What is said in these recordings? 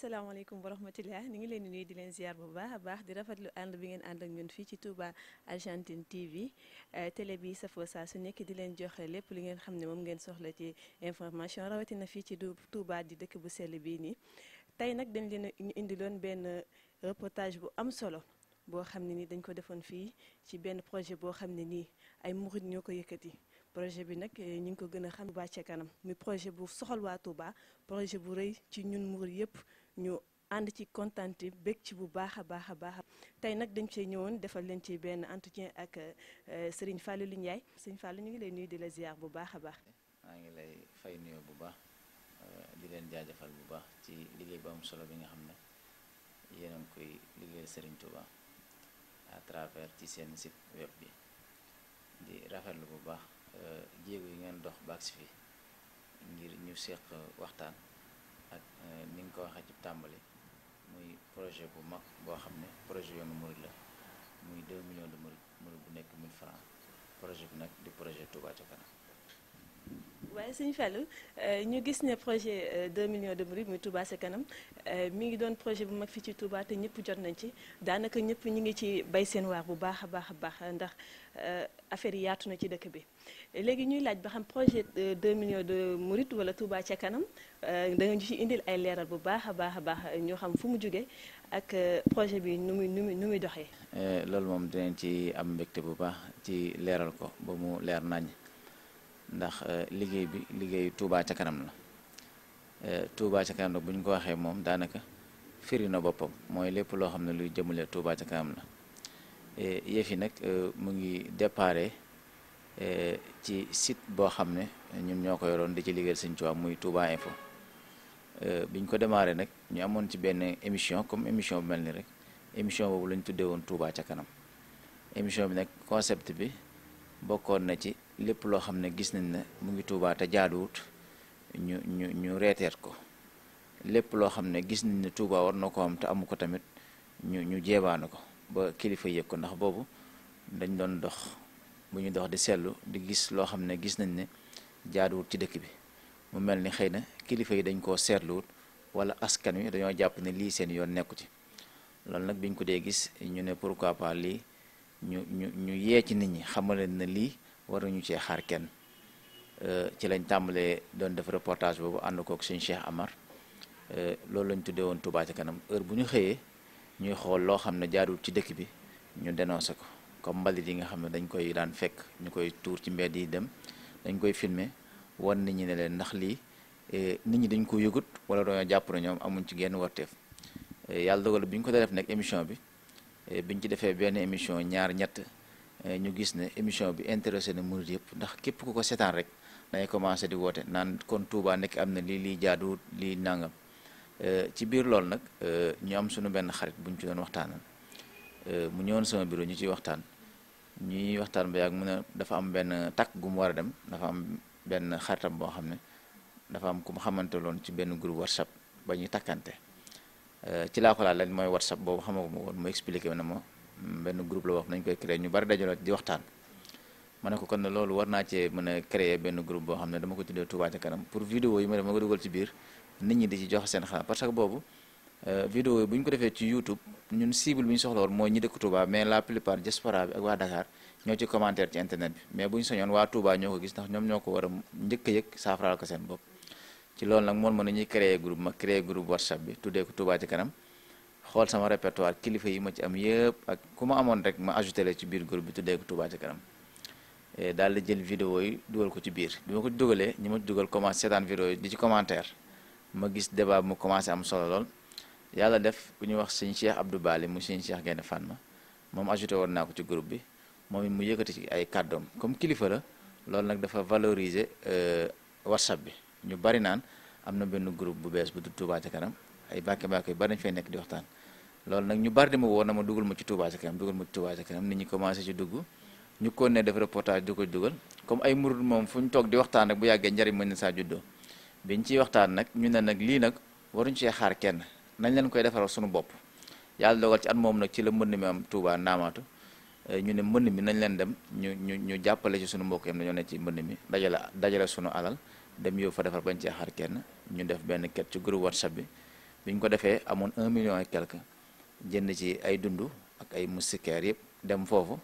salaamaaleykum wa rahmatulah ñu ngi leen di nuyu di leen ziar bu baax a baax di rafetlu ànd bi ngeen ànd ak ñun fii ci Touba Argentine TV euh, télé bi safoo saa su nekk di leen joxe lépp li ngeen xam ne moom ngeen soxla ci information rawatina fii ci Touba di dëkk bu sell bii nii. tey nag dañ leen ñu indiloon benn reportage bu am solo boo xam ne ni dañ ko defoon fii ci benn projet boo xam ne nii ay murid ñoo ko yëkkati. projet bi nag euh, ñu ngi ko gën a xam Touba kanam muy projet bu soxal waa Touba projet bu rëy ci ñun muur yëpp ñu ànd ci kontaan te ci bu baax a baax a baax tey nag dañ cee ñëwoon defal leen ci benn entretien ak euh, Serigne Fallou Ndiaye Serigne Fallou ñu ngi lay nuyu di la ziar bu baax a baax. maa ngi lay fay nuyo bu baax euh, di leen jaajëfal bu baax ci liggéey bu am solo bi nga xam ne yéen a koy liggéeyal Serigne Touba à travers ci seen site web bi di rafetlu bu baax euh, jéego yi ngeen dox baax fi ngir ñu seq waxtaan. ak euh, ni nga ko wax a ci tàmbali muy projet bu mag boo xam ne projet yoonu murid la muy 2 millions de murid murid bu nekk 1000 francs projet bi nag di projet Touba ca kanam waaye suñu Fallou euh, ñu gis ne projet 2 euh, millions de murid muy Touba ca kanam mi ngi doon projet bu mag fi ci Touba te ñëpp jot nañ ci daanaka ñëpp ñu ngi ci bay seen waar bu baax a baax a baax ndax Euh, affaire yaatu na ci dëkk bi léegi ñuy laaj ba xam projet 2 millions de Mourides wala Touba ca kanam euh, da nga ci indil ay leeral bu baax a baax a baax ñoo xam fu mu jóge ak euh, projet bi nu muy nu muy nu doxee. Eh, loolu moom dinañ ci am mbégte bu baax ci leeral ko ba mu leer nañ ndax liggéey bi liggéey Touba ca kanam la Touba ca kanam la bu ñu ko waxee moom daanaka firi na boppam mooy lépp loo xam ne luy jëmale Touba ca kanam la. Eh, yëf yi nag eh, mu ngi déparé eh, ci sit boo xam ne ñun ñoo ko yoroon di ci liggéeyal Sëñ am muy Touba Info biñ ko démarré nag ñu amoon ci benn émission comme émission bi mel ni rek émission boobu lañ tuddee woon Touba ca kanam émission bi nag concept bi bokkoon na ci lépp loo xam ne gis nañ ne mu ngi Touba te jaaduwut ñu ñu reeteet ko lépp loo xam ne gis nañ ne Touba war na ko am te amu ko tamit ñu ñu jeebaanu ko. ba kilifa yëg ko ndax boobu dañ doon dox bu ñu dox di seetlu di gis loo xam ne gis nañ ne jaaduwut ci dëkk bi mu mel ni xëy na kilifa yi dañ koo seetluwut wala askan wi dañoo jàpp ne lii seen yoon nekku ci loolu nag biñ ko dee gis ñu ne pourquoi pas lii ñu ñu ñu yee ci nit ñi xamale na lii waruñu cee xaar kenn euh, ci lañ tàmbalee doon def reportage boobu ànd kook suñu Cheikh Amar euh, loolu lañ tuddee woon Touba kanam heure bu ñu xëyee. ñuy xool loo xam ne jaarul ci dëkk bi ñu dénoncé ko comme mbalit yi nga xam ne dañ koy daan fekk ñu koy tuur ci mbedd yi dem dañ koy filmer wan nit ñi ne leen ndax lii eh, nit ñi dañ ko yëgut wala dañoo jàpp ne ñoom amuñ ci genn warteef eh, yàlla dogal bi ñu ko def nag émission bi eh, biñ ci defee benn émission ñaar ñett ñu gis ne émission bi intéressé ne murid yëpp ndax képp ku ko seetaan rek dañuy commencé di woote naan kon Touba nekk am na lii lii jaaduwut lii nangam Euh, ci biir loolu nag euh, ñu am sunu benn xarit buñ ci doon waxtaanal euh, mu ñëwoon sama bureau ñu ciy waxtaan ñuy waxtaan ba yàgg mu ne dafa am benn takk gu mu dafa am benn xaritam boo xam ne dafa am ku mu xamante loon ci benn groupe whatsapp ba ñuy takkante ci laa ko laaj lañ mooy whatsapp boobu xamoo ko ma woon mu expliqué na ma mm, benn wax nañ koy créé ñu bari dajaloo di waxtaan. ma ne ko kon loolu war naa cee mën a créer benn groupe boo xam ne dama ko tuddee Touba ca kanam pour vidéo yi ma def ma ko dugal ci biir nit ñi di ci jox seen xalaat parce que boobu euh, vidéo bu ñu ko defee ci YouTube ñun cible bi ñu soxla woon mooy ñi dëkk Touba mais la plupart diaspora bi ak waa Dakar ñoo ci commentaire ci internet bi mais bu ñu soñoon waa Touba ñoo ko gis ndax ñoom ñoo ko war a njëkk a yëg saafaraal ko seen bopp ci loolu nag moom mën nañuy créer groupe ma créer groupe WhatsApp bi tuddee ko Touba ci kanam xool sama répertoire kilifa yi ma ci am yëpp ak ku ma amoon rek ma ajouté la ci biir groupe bi tuddee ko Touba ci kanam daal di jël vidéo yi dugal ko ci biir bi ko dugalee ñi ma dugal commencé seetaan di ci commentaire ma gis débat mu commencé am solo lool yàlla def ku ñuy wax sëñ Cheikh Abdou Bali mu sëñ Cheikh Gaynde Fatma moom ajouté woon naa ko ci groupe bi moom mu yëkkati ci ay kàddoom comme kilifa la lool nag dafa valoriser euh, whatsapp bi ñu bari naan am na benn groupe bu bees bu tudd Touba ca kanam ay bàkke bàkke yu loolu nag ñu bari di ma woo na ma dugal ma ci Touba ca kanam dugal ma ci Touba ca kanam nit ñi commencé ci dugg ñu ko ne def reportage di ko dugal comme ay murid moom fu ñu toog di waxtaan rek bu yàggee njariñ mën na saa juddoo biñ ciy waxtaan nag ñu ne nag lii nag waruñ cee xaar kenn nañ leen koy defaral suñu bopp yàlla dogal ci at moom nag ci la mbënn mi am Touba Ndaamaatu eh, ñu ne mbënn mi nañ leen dem ñu ñu ñu jàppale ci suñu mbokk yam dañoo ne ci mbënn mi dajale dajale suñu alal dem yow fa defar bañ cee xaar kenn ñu def benn ket ci groupe WhatsApp bi biñ ko defee amoon un million et quelque jënd ci ay dund ak ay moustiquaires yëpp dem foofu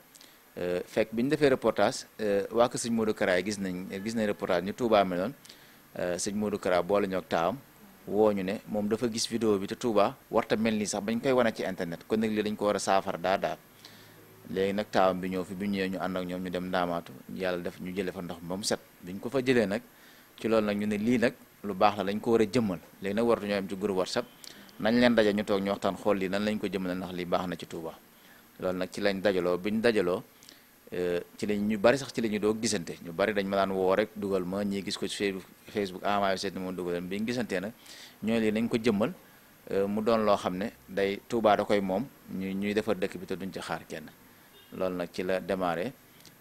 eh, fekk bi ñu defee reportage eh, waa Kër Sëñ Modou gis nañ gis nañ reportage ñu Touba meloon Euh, sëñ Modou Kara boole ñoog taam woo ñu ne moom dafa gis vidéo bi te Touba warta mel nii sax bañ koy wanee ci internet kon nag lii dañ ko war a saafara daa daal léegi nag taawam bi ñëw fi bi ñëwee ñu ànd ak ñoom ñu dem ndaamaatu yàlla def ñu jëlee fa ndox mi ba mu set biñ ko fa jëlee nag ci loolu nag ñu ne lii nag lu baax na lañ ko war a jëmmal léegi nag waratu ñoo am ci groupe WhatsApp nañ leen daje ñu toog ñu waxtaan xool lii nan lañ ko jëmmal ndax lii baax na ci loolu nag ci lañ dajaloo biñ dajaloo ci lañ ñu bari sax ci la ñu doog gisante ñu bari dañ ma daan woo rek dugal ma ñii gis ko ci Facebook envoyé ah, seet ni moom dugal bi ñu gisantee nag ñoo lii nañ ko jëmmal euh, mu doon loo xam ne day Touba da koy moom ñu ñuy defar dëkk bi duñ ci xaar kenn loolu nag ci la démarré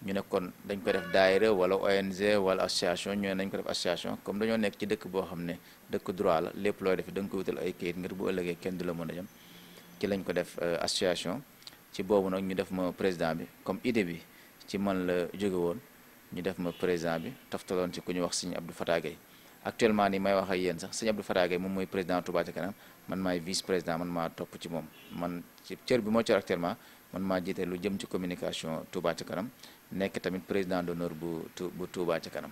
ñu ne kon dañ ko def daayira wala ONG wala association ñoo ne nañ ko def association comme dañoo nekk ci dëkk boo xam ne dëkk droit la lépp looy def da nga ko wutal ay kayit ngir bu ëllëgee kenn du la mën a jëm ci lañ ko def euh, association ci boobu nag ñu def ma président bi comme idée bi ci man la jóge woon ñu def ma président bi toftaloon ci ku ñu wax sëñ Abdou Fatah Gueye actuellement nii may wax ak yéen sax sëñ Abdou Fatah Gueye moom mooy président Touba Ca Kanam man maay vice président man maa topp ci moom man ci cër bi moo cër actuellement man maa jiite lu jëm ci communication Touba ci Kanam nekk tamit président d'honneur bu bu Touba Ca Kanam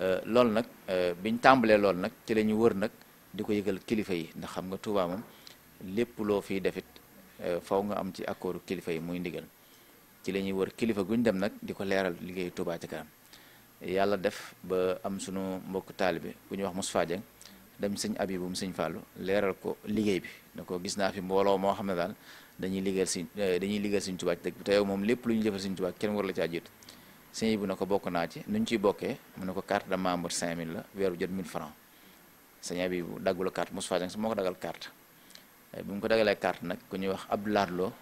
euh, loolu nag euh, biñ tàmbalee loolu nag ci la ñu wër nag di ko yëgal kilifa yi ndax xam nga Touba moom lépp loo fiy defit euh, faw nga am ci accordu kilifa yi muy ndigal ci la ñuy wër kilifa guñ dem nag di ko leeral liggéey Touba ci kanam yàlla def ba am sunu mbokk taalibe ku ñuy wax Moustapha Dieng dem sëñ Abibou mu sëñ Fallou leeral ko liggéey bi ne ko gis naa fi mbooloo moo xam ne daal dañuy liggéeyal sëñ eh, dañuy liggéeyal sëñ Touba ci dëkk te yow moom lépp lu ñu jëfal sëñ Touba kenn war la caa sëñ Abibou ne ko bokk naa ci nu ciy bokkee mu ne ko carte de membre 5000 la weeru jot 1000 francs sëñ Abibou daggul carte Moustapha Dieng su moo ko dagal carte eh, bu mu ko dagalee carte nag ku ñuy wax ab laat loo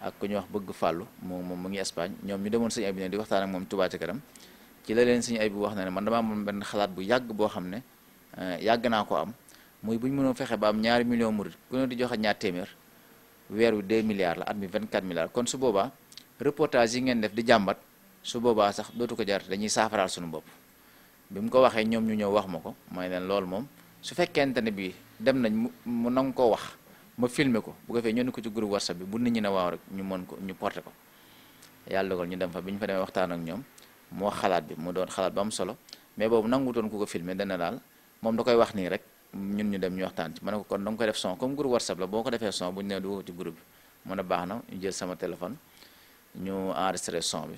ak ku ñuy wax bëgg fàllu moom moom mu ngi Espagne ñoom ñu demoon sëñ Abibu ne di waxtaan ak moom Touba ca kanam ci la leen sëñ Abibu wax na ne man dama amoon benn xalaat bu yàgg boo xam ne eh, yàgg naa ko am muy bu ñu mënoon fexe ba am ñaari million murid ku ne di joxe ñaar téeméer weer wi 2 milliards la at mi 24 milliards kon su boobaa reportage yi ngeen def di jàmbat su boobaa sax dootu ko jar dañuy saafaraal suñu bopp bi mu ko waxee ñoom ñu ñëw wax ma ko may leen loolu moom su fekkente ne bii dem nañ mu nangu koo wax ma filmer ko bu ko fee ñëw ko ci groupe whatsapp bi bu nit ñi ne waaw rek ñu mën ko ñu porter ko yàlla dogal ñu dem fa bi ñu fa demee waxtaan ak ñoom mu wax xalaat bi mu doon xalaat ba mu solo mais boobu nangutoon ku ko filmer dana daal moom da koy wax nii ñun ñu dem ñu waxtaan ci ma ne ko kon da nga koy def son comme groupe whatsapp la boo ko defee son bu ñu nee du ci groupe bi mu ne baax na ñu jël sama téléphone ñu enregistré son bi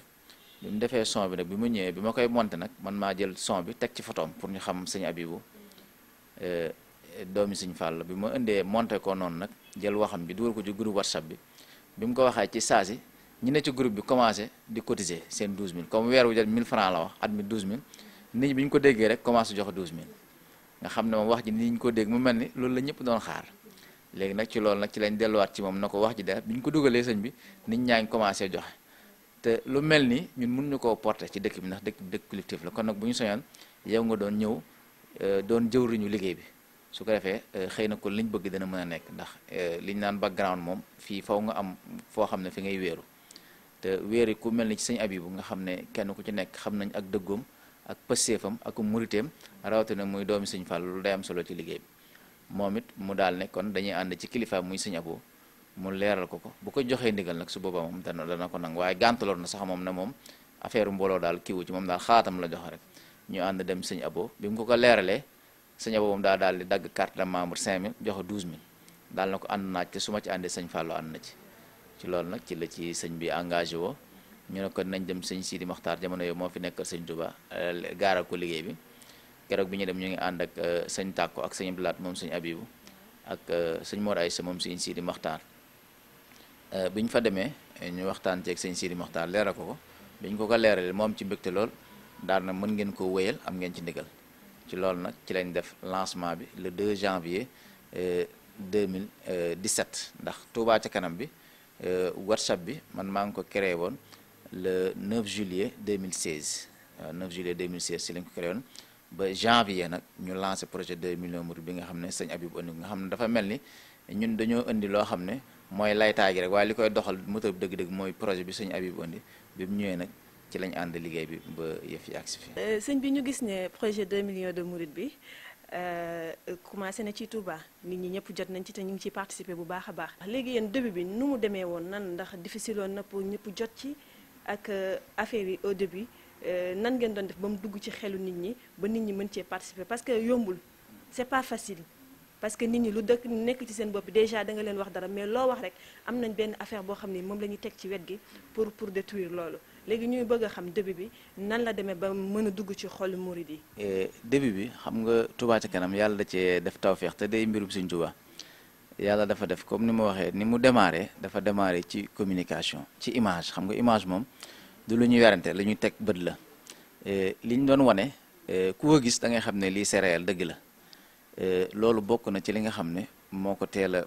bi mu defee son bi nag bi mu ñëwee bi ma koy monte nag man maa jël son bi teg ci photoom pour ñu xam sëñ Abibu euh, doomi Sëñ Fall bi ma indee monté ko noonu nag jël waxam bi dugal ko ci groupe whatsapp bi bi mu ko waxee ci saasi ñu ne ci group bi commencé di cotiser seen 12000 comme weer wu jël 1000 francs la wax at mi 12000 nit ñi bi ñu ko déggee rek commencé joxe 12000 nga xam ne moom wax ji nit ñi ko dégg mu mel ni loolu la ñëpp doon xaar léegi nag ci loolu nag ci lañ delluwaat ci moom na ko wax ji dara bi ñu ko dugalee sëñ bi nit ñaa ngi commencé joxe te lu mel ni ñun mën ñu koo porter ci dëkk bi ndax dëkk bi dëkk la kon nag bu ñu soñoon yow nga doon ñëw euh, doon jëwriñu liggéey bi su ko defee euh, xëy na kon liñ bëgg dina mën a nekk ndax euh, liñ naan background moom fii faw nga am foo xam ne fi ngay wéeru te wéeri ku mel ni ci sëñ Abibu nga xam ne kenn ku ci nekk xam nañ ak dëggoom ak pësseefam ak muriteem rawatina muy doomi sëñ Fall lu day am solo ci liggéey moom it mu daal ne kon dañuy ànd ci kilifaam muy sëñ aboo mu leeral ko ko bu ko joxee ndigal nag su boobaa moom dana dana ko nangu waaye gàntaloon na sax moom ne moom affaire mbooloo daal kiiwu ci moom daal xaatam la joxe rek ñu ànd dem sëñ Abo bi ko ko leeralee sëñ Abo moom daa daal di dagg carte de membre 5000 joxe 12000 daal na ko ànd naa ci te su ma ci àndee sëñ Fallou ànd na ci ci loolu nag ci la ci sëñ bi engagé woo ñu ne ko nañ dem sëñ Sidi Maxtaar jamono yooyu moo fi nekk sëñ Touba euh, gaaral ko liggéey bi keroog bi ñu dem ñu ngi ànd ak euh, sëñ Tàkko ak sëñ Blaat moom sëñ Abibu ak euh, sëñ Mor Aysa moom sëñ Sidi Maxtaar bi ñu fa demee ñu waxtaan ceeg sëñ Sidi Maxtaar leeral ko ko bi ñu ko ko leeralee moom ci mbégte lool daal na mën ngeen ko wéyal am ngeen ci ndigal ci loolu nag ci lañ def lancement bi le 2 janvier 2017 euh, euh, ndax Touba ci kanam bi euh, WhatsApp bi man maa ngi ko créé woon le 9 juillet 2016 waaw 9 juillet 2016 ci lañ ko créé woon ba janvier nag ñu lancé projet 2 millions murid bi nga xam ne sëñ Abib andi nga xam ne dafa mel ni ñun dañoo indi loo xam ne mooy laytaay gi rek waaye li koy doxal moteur bi dëgg-dëgg mooy projet bi sëñ Abib andi bi mu ñëwee nag ci lañ ànd liggéey bi ba yëf yi agsi fi euh, sëñ bi ñu gis ne projet 2 millions de mourides bi euh, commencé na ci Touba nit ñi ñëpp jot nañ ci te ñu ngi ciy participer bu baax a baax. léegi yéen début bi nu mu demee woon nan ndax difficile woon na pour ñëpp jot ci ak euh, affaire yi au début nan ngeen doon def ba mu dugg ci xelu nit ñi ba nit ñi mën cee participer parce que yombul c'est pas facile. parce que nit ñi lu dëkk nekk ci seen bopp déjà da nga leen wax dara mais loo wax rek am nañ benn affaire boo xam moom la ñuy teg ci wet gi pour pour détruire loolu. léegi ñuy bëgg a xam début bi nan la demee ba mën a dugg ci xolu murid yi. Eh, début bi xam nga tubaat Ca Kanam yàlla da cee def tawféex te day mbirum Sëñ Touba yàlla dafa def comme ni ma waxee ni mu démarré dafa démarré ci communication ci image xam nga image moom du lu ñu werante lu ñuy teg bët la eh, li ñu doon wane eh, ku ko gis da ngay xam ne lii céréale dëgg la loolu bokk na ci li nga xam ne moo ko teel a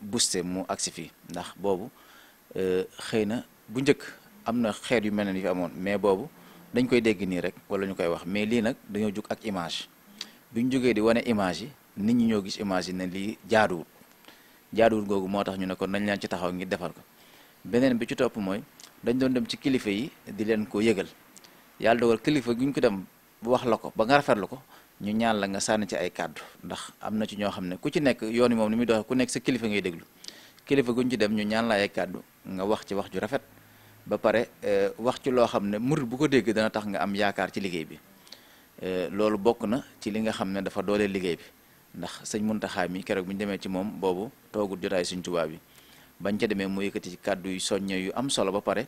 boosté mu agsi fii ndax boobu xëy na bu njëkk. am na xeet yu mel ne ni fi amoon mais boobu dañ koy dégg nii rek wala ñu koy wax mais lii nag dañoo jug ak image bi ñu jugee di wane image yi nit ñi ñoo gis image yi ne lii jaaduwul jaaduwul googu moo tax ñu ne kon nañ ci taxaw ngir defar ko beneen bi ci topp mooy dañ doon dem ci kilifa yi di leen ko yëgal yàlla dogal kilifa gi ñu ko dem wax la ko ba nga rafetlu ko ñu ñaan la nga sànni ci ay kàddu ndax am na ci ñoo xam ne ku ci nekk yoon yi moom ni muy doxee ku nekk sa kilifa ngay déglu kilifa guñ ci dem ñu ñaan la ay kàddu nga wax ci wax ju rafet ba pare eh, wax ci loo xam ne murid bu ko dégg dana tax nga am yaakaar ci liggéey bi eh, loolu bokk na ci li nga xam ne dafa dooleel liggéey bi ndax sëñ Muntaxa mi keroog bi ñu demee ci moom boobu toogul jotaay suñ tubaab bi bañ ca demee mu ci kàddu yu soññe yu am solo ba pare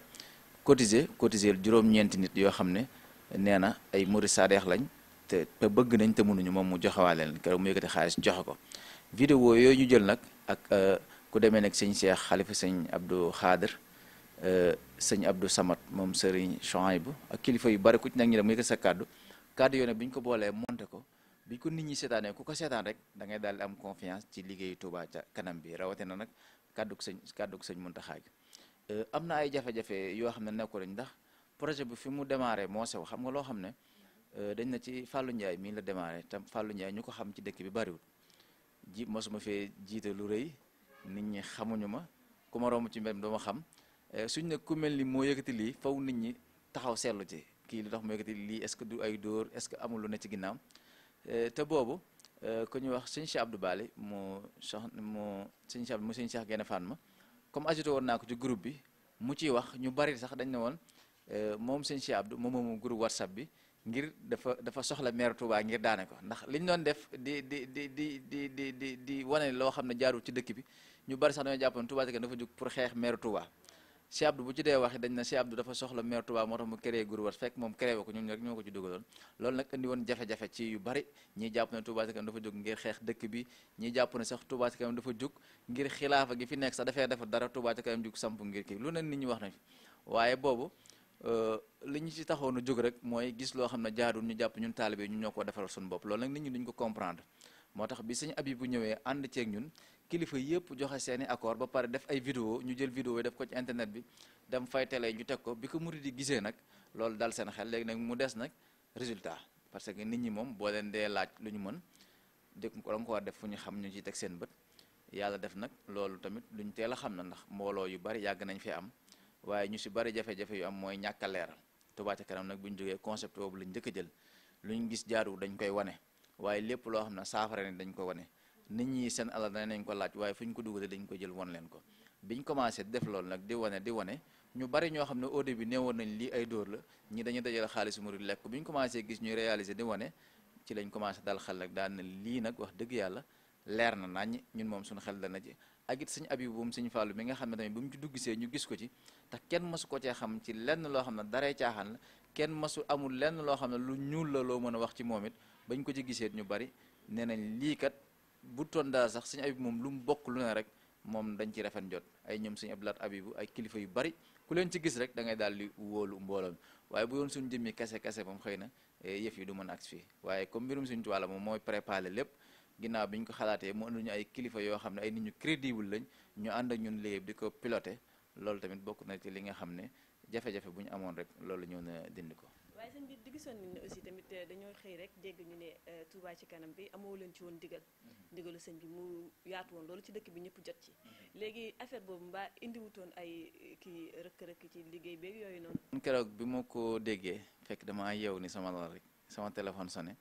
cotiser cotiser juróom-ñeenti nit yoo xam ne nee na ay murid saadeex lañ te te bëgg nañ te mënuñu moom mu joxewaale leen keroog mu yëkkati xaalis joxe ko vidéo yooyu ñu jël nag ak eh, ku demee nag sëñ Cheikh xalifa sëñ Abdou Khader Euh, sëñ Abdou samat moom Serigne Chouaïb ak kilifa yu bari ku ci nekk ñu sa kàddu kàddu yoo ne bu ñu ko boolee monté ko bi ko nit ñi seetaanee ku ko seetaan rek da ngay daal am confiance ci liggéeyu Touba ca kanam bi rawatina nag kàddug sëñ kàddug sëñ Muntaxa gi euh, am na ay jafe-jafe yoo xam ne nekku lañ ndax projet bu fi mu démarré moo sew xam nga loo xam ne euh, dañ na ci Fallou Ndiaye mii la démarré te fàllu Ndiaye ñu ko xam ci dëkk bi bariwul ji mosuma fee jiite lu rëy nit ñi xamuñu ma ku ma ci mbir mi xam Eh, suñ ne ku mel ni moo yëkkati lii faw nit ñi taxaw seetlu ci kii lu tax moo yëkkati lii est-ce que du ay dóor est-ce que amul lu ne ci ginnaaw eh, te boobu eh, ku ñuy wax sëñ Cheikh Abdou Bale moo sox moo sëñ Cheikh mu sëñ Cheikh Gaïndé comme ajouté woon naa ko ci groupe bi mu ciy wax ñu bari sax dañ ne woon moom sëñ Cheikh Abdou moom moomu groupe WhatsApp bi ngir dafa dafa soxla maire Touba ngir daane ko ndax liñ doon def di di di di di di di di wane loo xam ne jaarul ci dëkk bi ñu bari sax dañoo jàppoon Touba Ca Kanam dafa jóg pour xeex maire Touba Cheikh Abdou bu ci dee waxi dañ na Cheikh Abdou dafa soxla maire Touba moo tax mu créé Guruwat fekk moom créé ko ñun rek loolu nag indi woon jafe-jafe ci yu bari jàpp ne Touba ca kanam dafa jóg ngir xeex dëkk bi ñii jàpp ne sax Touba dafa jóg ngir xilaafa gi fi nekk sax dafay defar dara Touba ca kanam jóg samp ngir kii lu ne wax nañ waaye boobu euh, li ñu ci taxoon a jóg rek mooy gis loo xam ne jaadul ñu jàpp ñun taalibe ñu ñoo ko defaral suñu bopp loolu nag nit ñi dañ ko comprendre moo tax bi sëñ Abibu ñëwee ànd ceeg ñun kilifa yëpp joxe seeni accord ba pare def ay vidéo ñu jël video yi def ko ci internet bi dem fay télé ñu teg ko bi ko mu yi gisee nag loolu dal seen xel léegi nag mu des nag résultat parce que nit ñi moom boo leen dee laaj lu ñu mën di ko nga ko war def fu ñu xam ñu ciy teg seen bët yàlla def nag loolu tamit luñ teel a xam na ndax mbooloo yu bari yàgg nañ fi am waaye ñu si bari jafe-jafe yu am mooy ñàkka a leeral Touba Ca Kanam nag bu ñu jógee concept boobu lañ njëkk a jël luñ gis jaaduwul dañ koy wane waaye lépp loo xam ne saafara ne dañ ko wane nit ñi seen alal danañ ko laaj waaye fu ñu ko dugalee dañ ko jël won leen ko biñ commencé def loolu nag di wane di wane ñu bari ñoo xam ne au début woon nañ lii ay dóor la ñi dañu dajal xaalis murid lekk bu ñu commencé gis ñuy réaliser di wane ci lañ commencé dal xel daan na lii nag wax dëgg yàlla leer na nañ ñun moom suñu xel dana ci ak it sëñ Abibu moom sëñ Fàllu mi nga xam ne tamit bu mu ci dugg see ñu gis ko ci te kenn masu ko cee xam ci lenn loo xam ne daree caaxaan la kenn masu amul lenn loo xam ne lu ñuul la loo mën a wax ci moom it bañ ko ci gisee ñu bari nee nañ lii kat bu tondaa sax sëñ Abibu moom lu mu bokk lu ne rek moom dañ ci rafet jot ay ñoom sëñ Abdulaat Abibu ay kilifa yu bari ku leen ci gis rek da ngay daal di wóolu mbooloo waaye bu yoon suñu jëmmi kase kase moom xëy na eh, yëf yi du mën a agsi waaye comme mbirum suñu tuwaala moom mooy préparé lépp ginnaaw bi ñu ko xalaatee mu andu ay kilifa yoo xam ne ay nit ñu crédible lañ ñu ànd ak ñun liggéey di ko piloté loolu tamit bokk na ci li nga xam ne jafe-jafe bu ñu amoon rek loolu ñëw na dindi ko sëñ bi di gisoon ni aussi tamit euh, dañoo xëy rek dégg ñu ne euh, Touba ci kanam bi amoo leen ci woon ndigal mhm. ndigalu sëñ bi mu yaatu woon loolu ci dëkk bi ñëpp jot ci mhm. léegi affaire boobu mbaa indiwutoon ay euh, kii rëkk-rëkk ci liggéey beeg yooyu noonu keroog bi ma ko déggee fekk damaa yeew ni sama lal rek sama téléphone sonné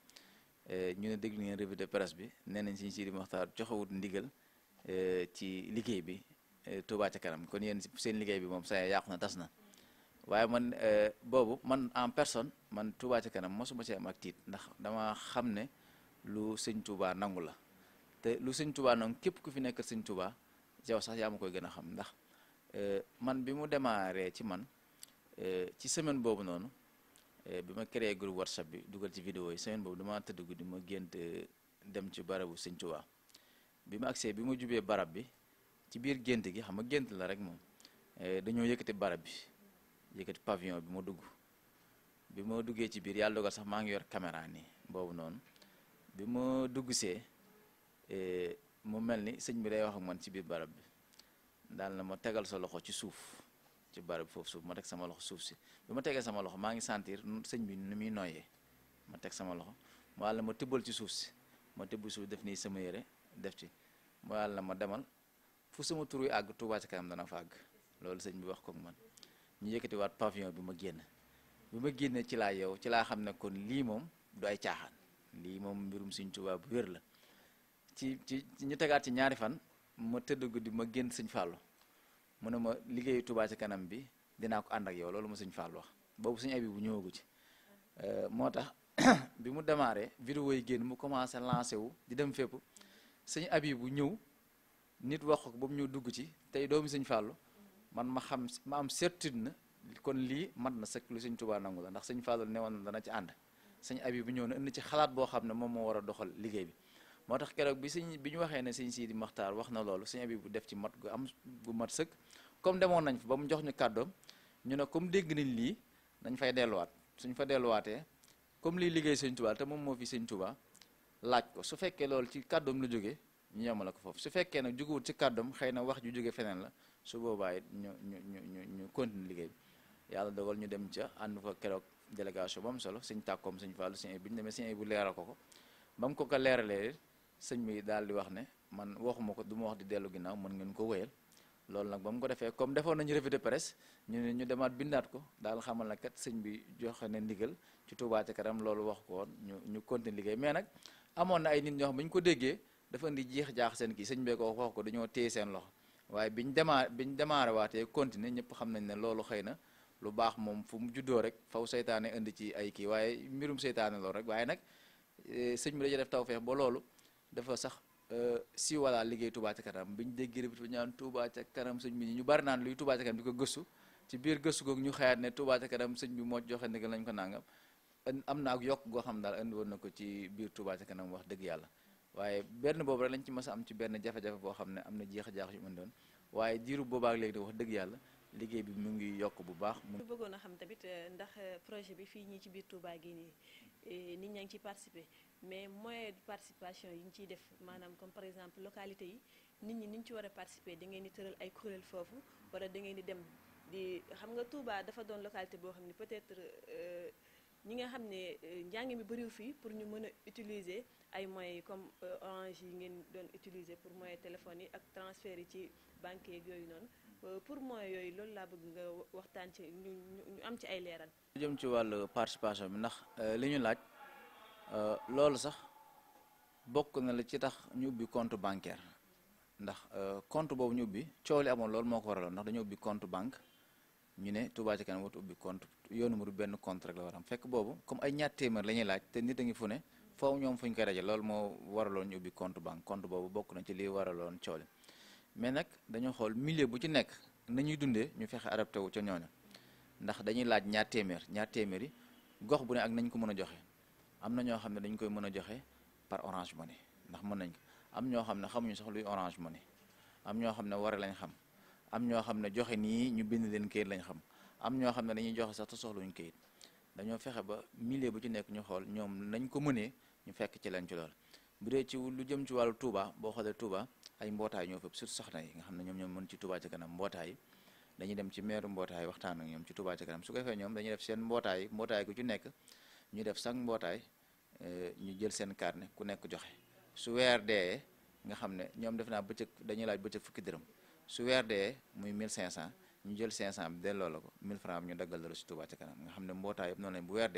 ñu ne déglu ngeen revue de presse bi nee nañ sëñ Sidi Moxtaar joxewut ndigal ci liggéey bi Touba kanam kon yéen seen liggéey bi moom saa yàqu na das na waaye man euh, boobu man en personne man Touba ci kanam mosuma ci am ak tiit ndax dama xam ne lu sëñ Touba nangu la te lu sëñ Touba nangu képp ku fi nekk sëñ Touba yow sax yaa ma koy gën a xam ndax euh, man bi mu démarré ci man euh, ci semaine boobu noonu bi ma créé groupe WhatsApp bi dugal ci vidéo yi semaine boobu dama tëdd guddi ma gént dem ci barabu sëñ Touba bi ma agsee bi ma jubee barab bi ci biir gént gi xam nga gént la rek moom dañoo yëkkati barab bi. yëkkati pavillon bi ma dugg bi ma duggee ci biir yàlla dogal sax maa ngi yor caméra nii boobu noonu bi ma dugg see eh, mu mel ni sëñ bi day wax man ci biir barab bi daal na ma tegal sa loxo ci suuf ci barab foofu suuf ma teg sama loxo suuf si bi ma tegee sama loxo maa ngi sentir sëñ bi nu muy noyyee ma teg sama loxo mu yàlla ma tëbal ci suuf si ma tibb suuf def nii sama yére def ci mu yàlla ma demal fu sama tur yi àgg Tuubaa ci kanam dana fa àgg loolu sëñ bi wax koog man ñu yëkkatiwaat pavillon bi ma génn bi ma génnee ci laa yow ci laa xam ne kon lii moom du ay caaxaan lii moom mbirum Sëñ Tuubaa bu wér la ci ci ñu tegaat ci ñaari fan ma tëdd guddi ma génn Sëñ Fàllu mu ne ma liggéeyu tubaa ci kanam bi dinaa ko ànd ak yow loolu ma Sëñ Fàllu wax boobu Sëñ Abibu ñëwagu ci euh, moo tax bi mu démarré vidéo yi génn mu commencé lancé wu di dem fépp Sëñ bu ñëw nit wax ko ba mu ñëw dugg ci tey doomi Sëñ Fàllu man ma xam ma am certitude na kon lii mat na sëkk lu sëñ Tuubaa nangu la ndax sëñ Fallou newoon na dana ci ànd sëñ abi bu ñëw na indi ci xalaat boo xam ne moom moo war a doxal liggéey bi moo tax keroog bi sëñ bi ñu waxee ne sëñ Sidi Maxtaar wax na loolu sëñ Habib bu def ci mat gu am gu mat sëkk comme demoon nañ fa ba mu jox ñu kàddoom ñu ne comme dégg nañ lii dañ fay delluwaat suñ fa delluwaatee comme lii liggéey sëñ Tuubaa te moom moo fi sëñ Tuubaa laaj ko su fekkee loolu ci kàddoom la jógee ñu yemale ko foofu su fekkee nag juguwut ci kàddoom xëy na wax ju jóge feneen la su boobaa it ñu ñu ñu ñu ñu continue liggéey bi yàlla dogal ñu dem ca ànd ko keroog délégation ba mu solo sëñ tàkkoom sëñ fàllu sëñ bi ñu demee sëñ bu leeral ko ko ba mu ko ko leeralee sëñ bi daal di wax ne man waxuma ko du ma wax di dellu ginnaaw mën ngeen ko wéyal loolu nag ba mu ko defee comme defoon nañu revue de presse ñu ñu demaat bindaat ko daal xamal na kat sëñ bi joxe ne ndigal ci Touba Ca Kanam loolu wax ko woon ñu ñu continue liggéey mais nag amoon na ay nit ñu ko déggee dafa indi jeex jaax seen kii sëñ bee ko wax ko dañoo téye seen loxo waaye bi ñu biñ bi ñu démarré waatee continuer ñëpp xam nañ ne loolu xëy na lu baax moom fu mu juddoo rek faw seytaane indi ci ay kii waaye mbirum seytaane loolu rek waaye nag eh, sëñ bi dañuy def tawfeex ba loolu dafa sax eh, si walla liggéey Touba ca kanam biñ déggee rek ñu naan Touba ca kanam sëñ bi ñu bari naan luy Touba ca kanam di ko gëstu ci biir gëstu googu ñu xëyaat ne Touba ca kanam sëñ bi moo joxe ndigal lañ ko nangam am na ak yokk goo xam daal indi woon na ko ci biir Touba ca kanam wax dëgg yàlla. waaye benn boobu rek lañ ci mës a am ci benn jafe-jafe boo xam ne am na jeex jaax yu mën doon waaye diiru boobaak léegi de wax dëgg yàlla liggéey bi mu ngi yokk bu baax. ñu bëggoon a xam tamit euh, ndax euh, projet bi fii ñii ci biir Touba gi nii euh, nit ñaa ngi ciy participer mais moyen de yi ñu ciy def maanaam comme par exemple localité yi nit ñi ni ñu ci war a da ngeen di tëral ay kuréel foofu wala da ngeen di dem di xam nga Touba dafa localité boo xam ne peut-être ñi nga xam ne njàng mi bëriw fii pour ñu mën a utiliser. ay moyens yi comme euh, orange yi ngeen doon utiliser pour moyen téléphone yi ak transfert yi ci banque yooyu noonu euh, pour moyens yooyu loolu laa bëgg nga waxtaan ci ñu am ci ay leeral. jëm ci wàllu participation bi ndax euh, li ñu laaj loolu sax bokk na la ci tax ñu ubbi compte bancaire ndax compte boobu ñu ubbi coow li amoon loolu moo ko waraloon ndax dañu ubbi compte banque. ñu ne Touba Ca Kanam wut ubbi compte yoonu mu benn compte rek la war fekk boobu comme ay ñaar téeméer la ñuy laaj te nit a ngi fu ne foofu ñoom fu ñu ko daje loolu moo waraloon ñu ubbi compte banque compte boobu bokk na ci li waraloon coow li mais nag dañoo xool millier bu ci nekk nañuy dundee ñu fexe adapté wu ca ñooñu ndax dañuy laaj ñaar téeméer ñaar téeméer yi gox bu ne ak nañ ko mën a joxe am na ñoo xam ne dañ koy mën a joxe par orange money ndax mën nañ ko am ñoo xam ne xamuñu sax luy orange money am ñoo xam ne ware lañ xam am ñoo xam ne joxe nii ñu bind leen kayit lañ xam am ñoo xam ne dañuy joxe sax te soxluñ kayit dañoo fexe ba milieu bu ci nekk ñu xool ñoom nañ ko mënee ñu fekk ci leen ci lool bu dee ci lu jëm ci wàllu Touba boo xoolee Touba ay mbootaay ñoo fépp surtout soxna yi nga xam ne ñoom ñoo mën ci Touba ci kanam mbootaay dañuy dem ci meeru mbootaay waxtaan ak ñoom ci Touba ci su ko defee ñoom dañuy def seen mbootaay mbootaay ku ci nekk ñu def sax mbootaay euh, ñu jël seen carnet ku nekk joxe su weer dee nga xam ne ñoom def naa bëccëg dañuy laaj bëccëg fukki dërëm su weer dee muy 1500 ñu jël 500 bi delloo la ko 1000 francs bi ñu daggal la si Touba ca kanam nga xam ne mbootaay yëpp noonu lañ bu weer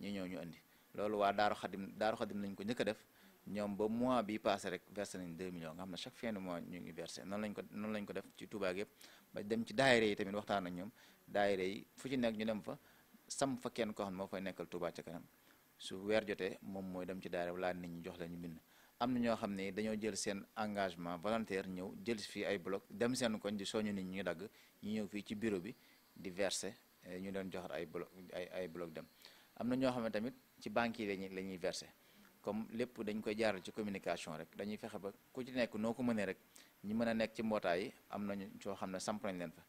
ñu ñëw ñu indi loolu waa Daaru Xadim Daaru Xadim ko njëkk a def ñoom ba mois bi passé rek versé nañ 2 millions nga xam ne chaque fin ñu ngi versé noonu lañ ko ko def ci Touba yëpp ba dem ci daayira yi tamit waxtaan ak ñoom daayira yi fu ci nekk ñu dem fa sam fa kenn ko xam ne moo fay nekkal Touba ca kanam su weer jotee moom mooy dem ci daayira laaj nit ñu jox leen ñu bind am na ñoo xam ne dañoo jël seen engagement volontaire ñëw jël fii ay dem seen koñ di nit ñuy dagg ñu ñëw fii ci bureau bi di verser eh, ñu leen joxar ay bloc ay ay bloc dem am na ñoo xam ne tamit ci banques yi lañuy la ñuy verser comme lépp dañ koy jaaral ci communication rek dañuy fexe ba ku ci nekk noo ko mënee rek ñi mën a nekk ci mbootaay am nañu soo xam ne samp nañ leen fa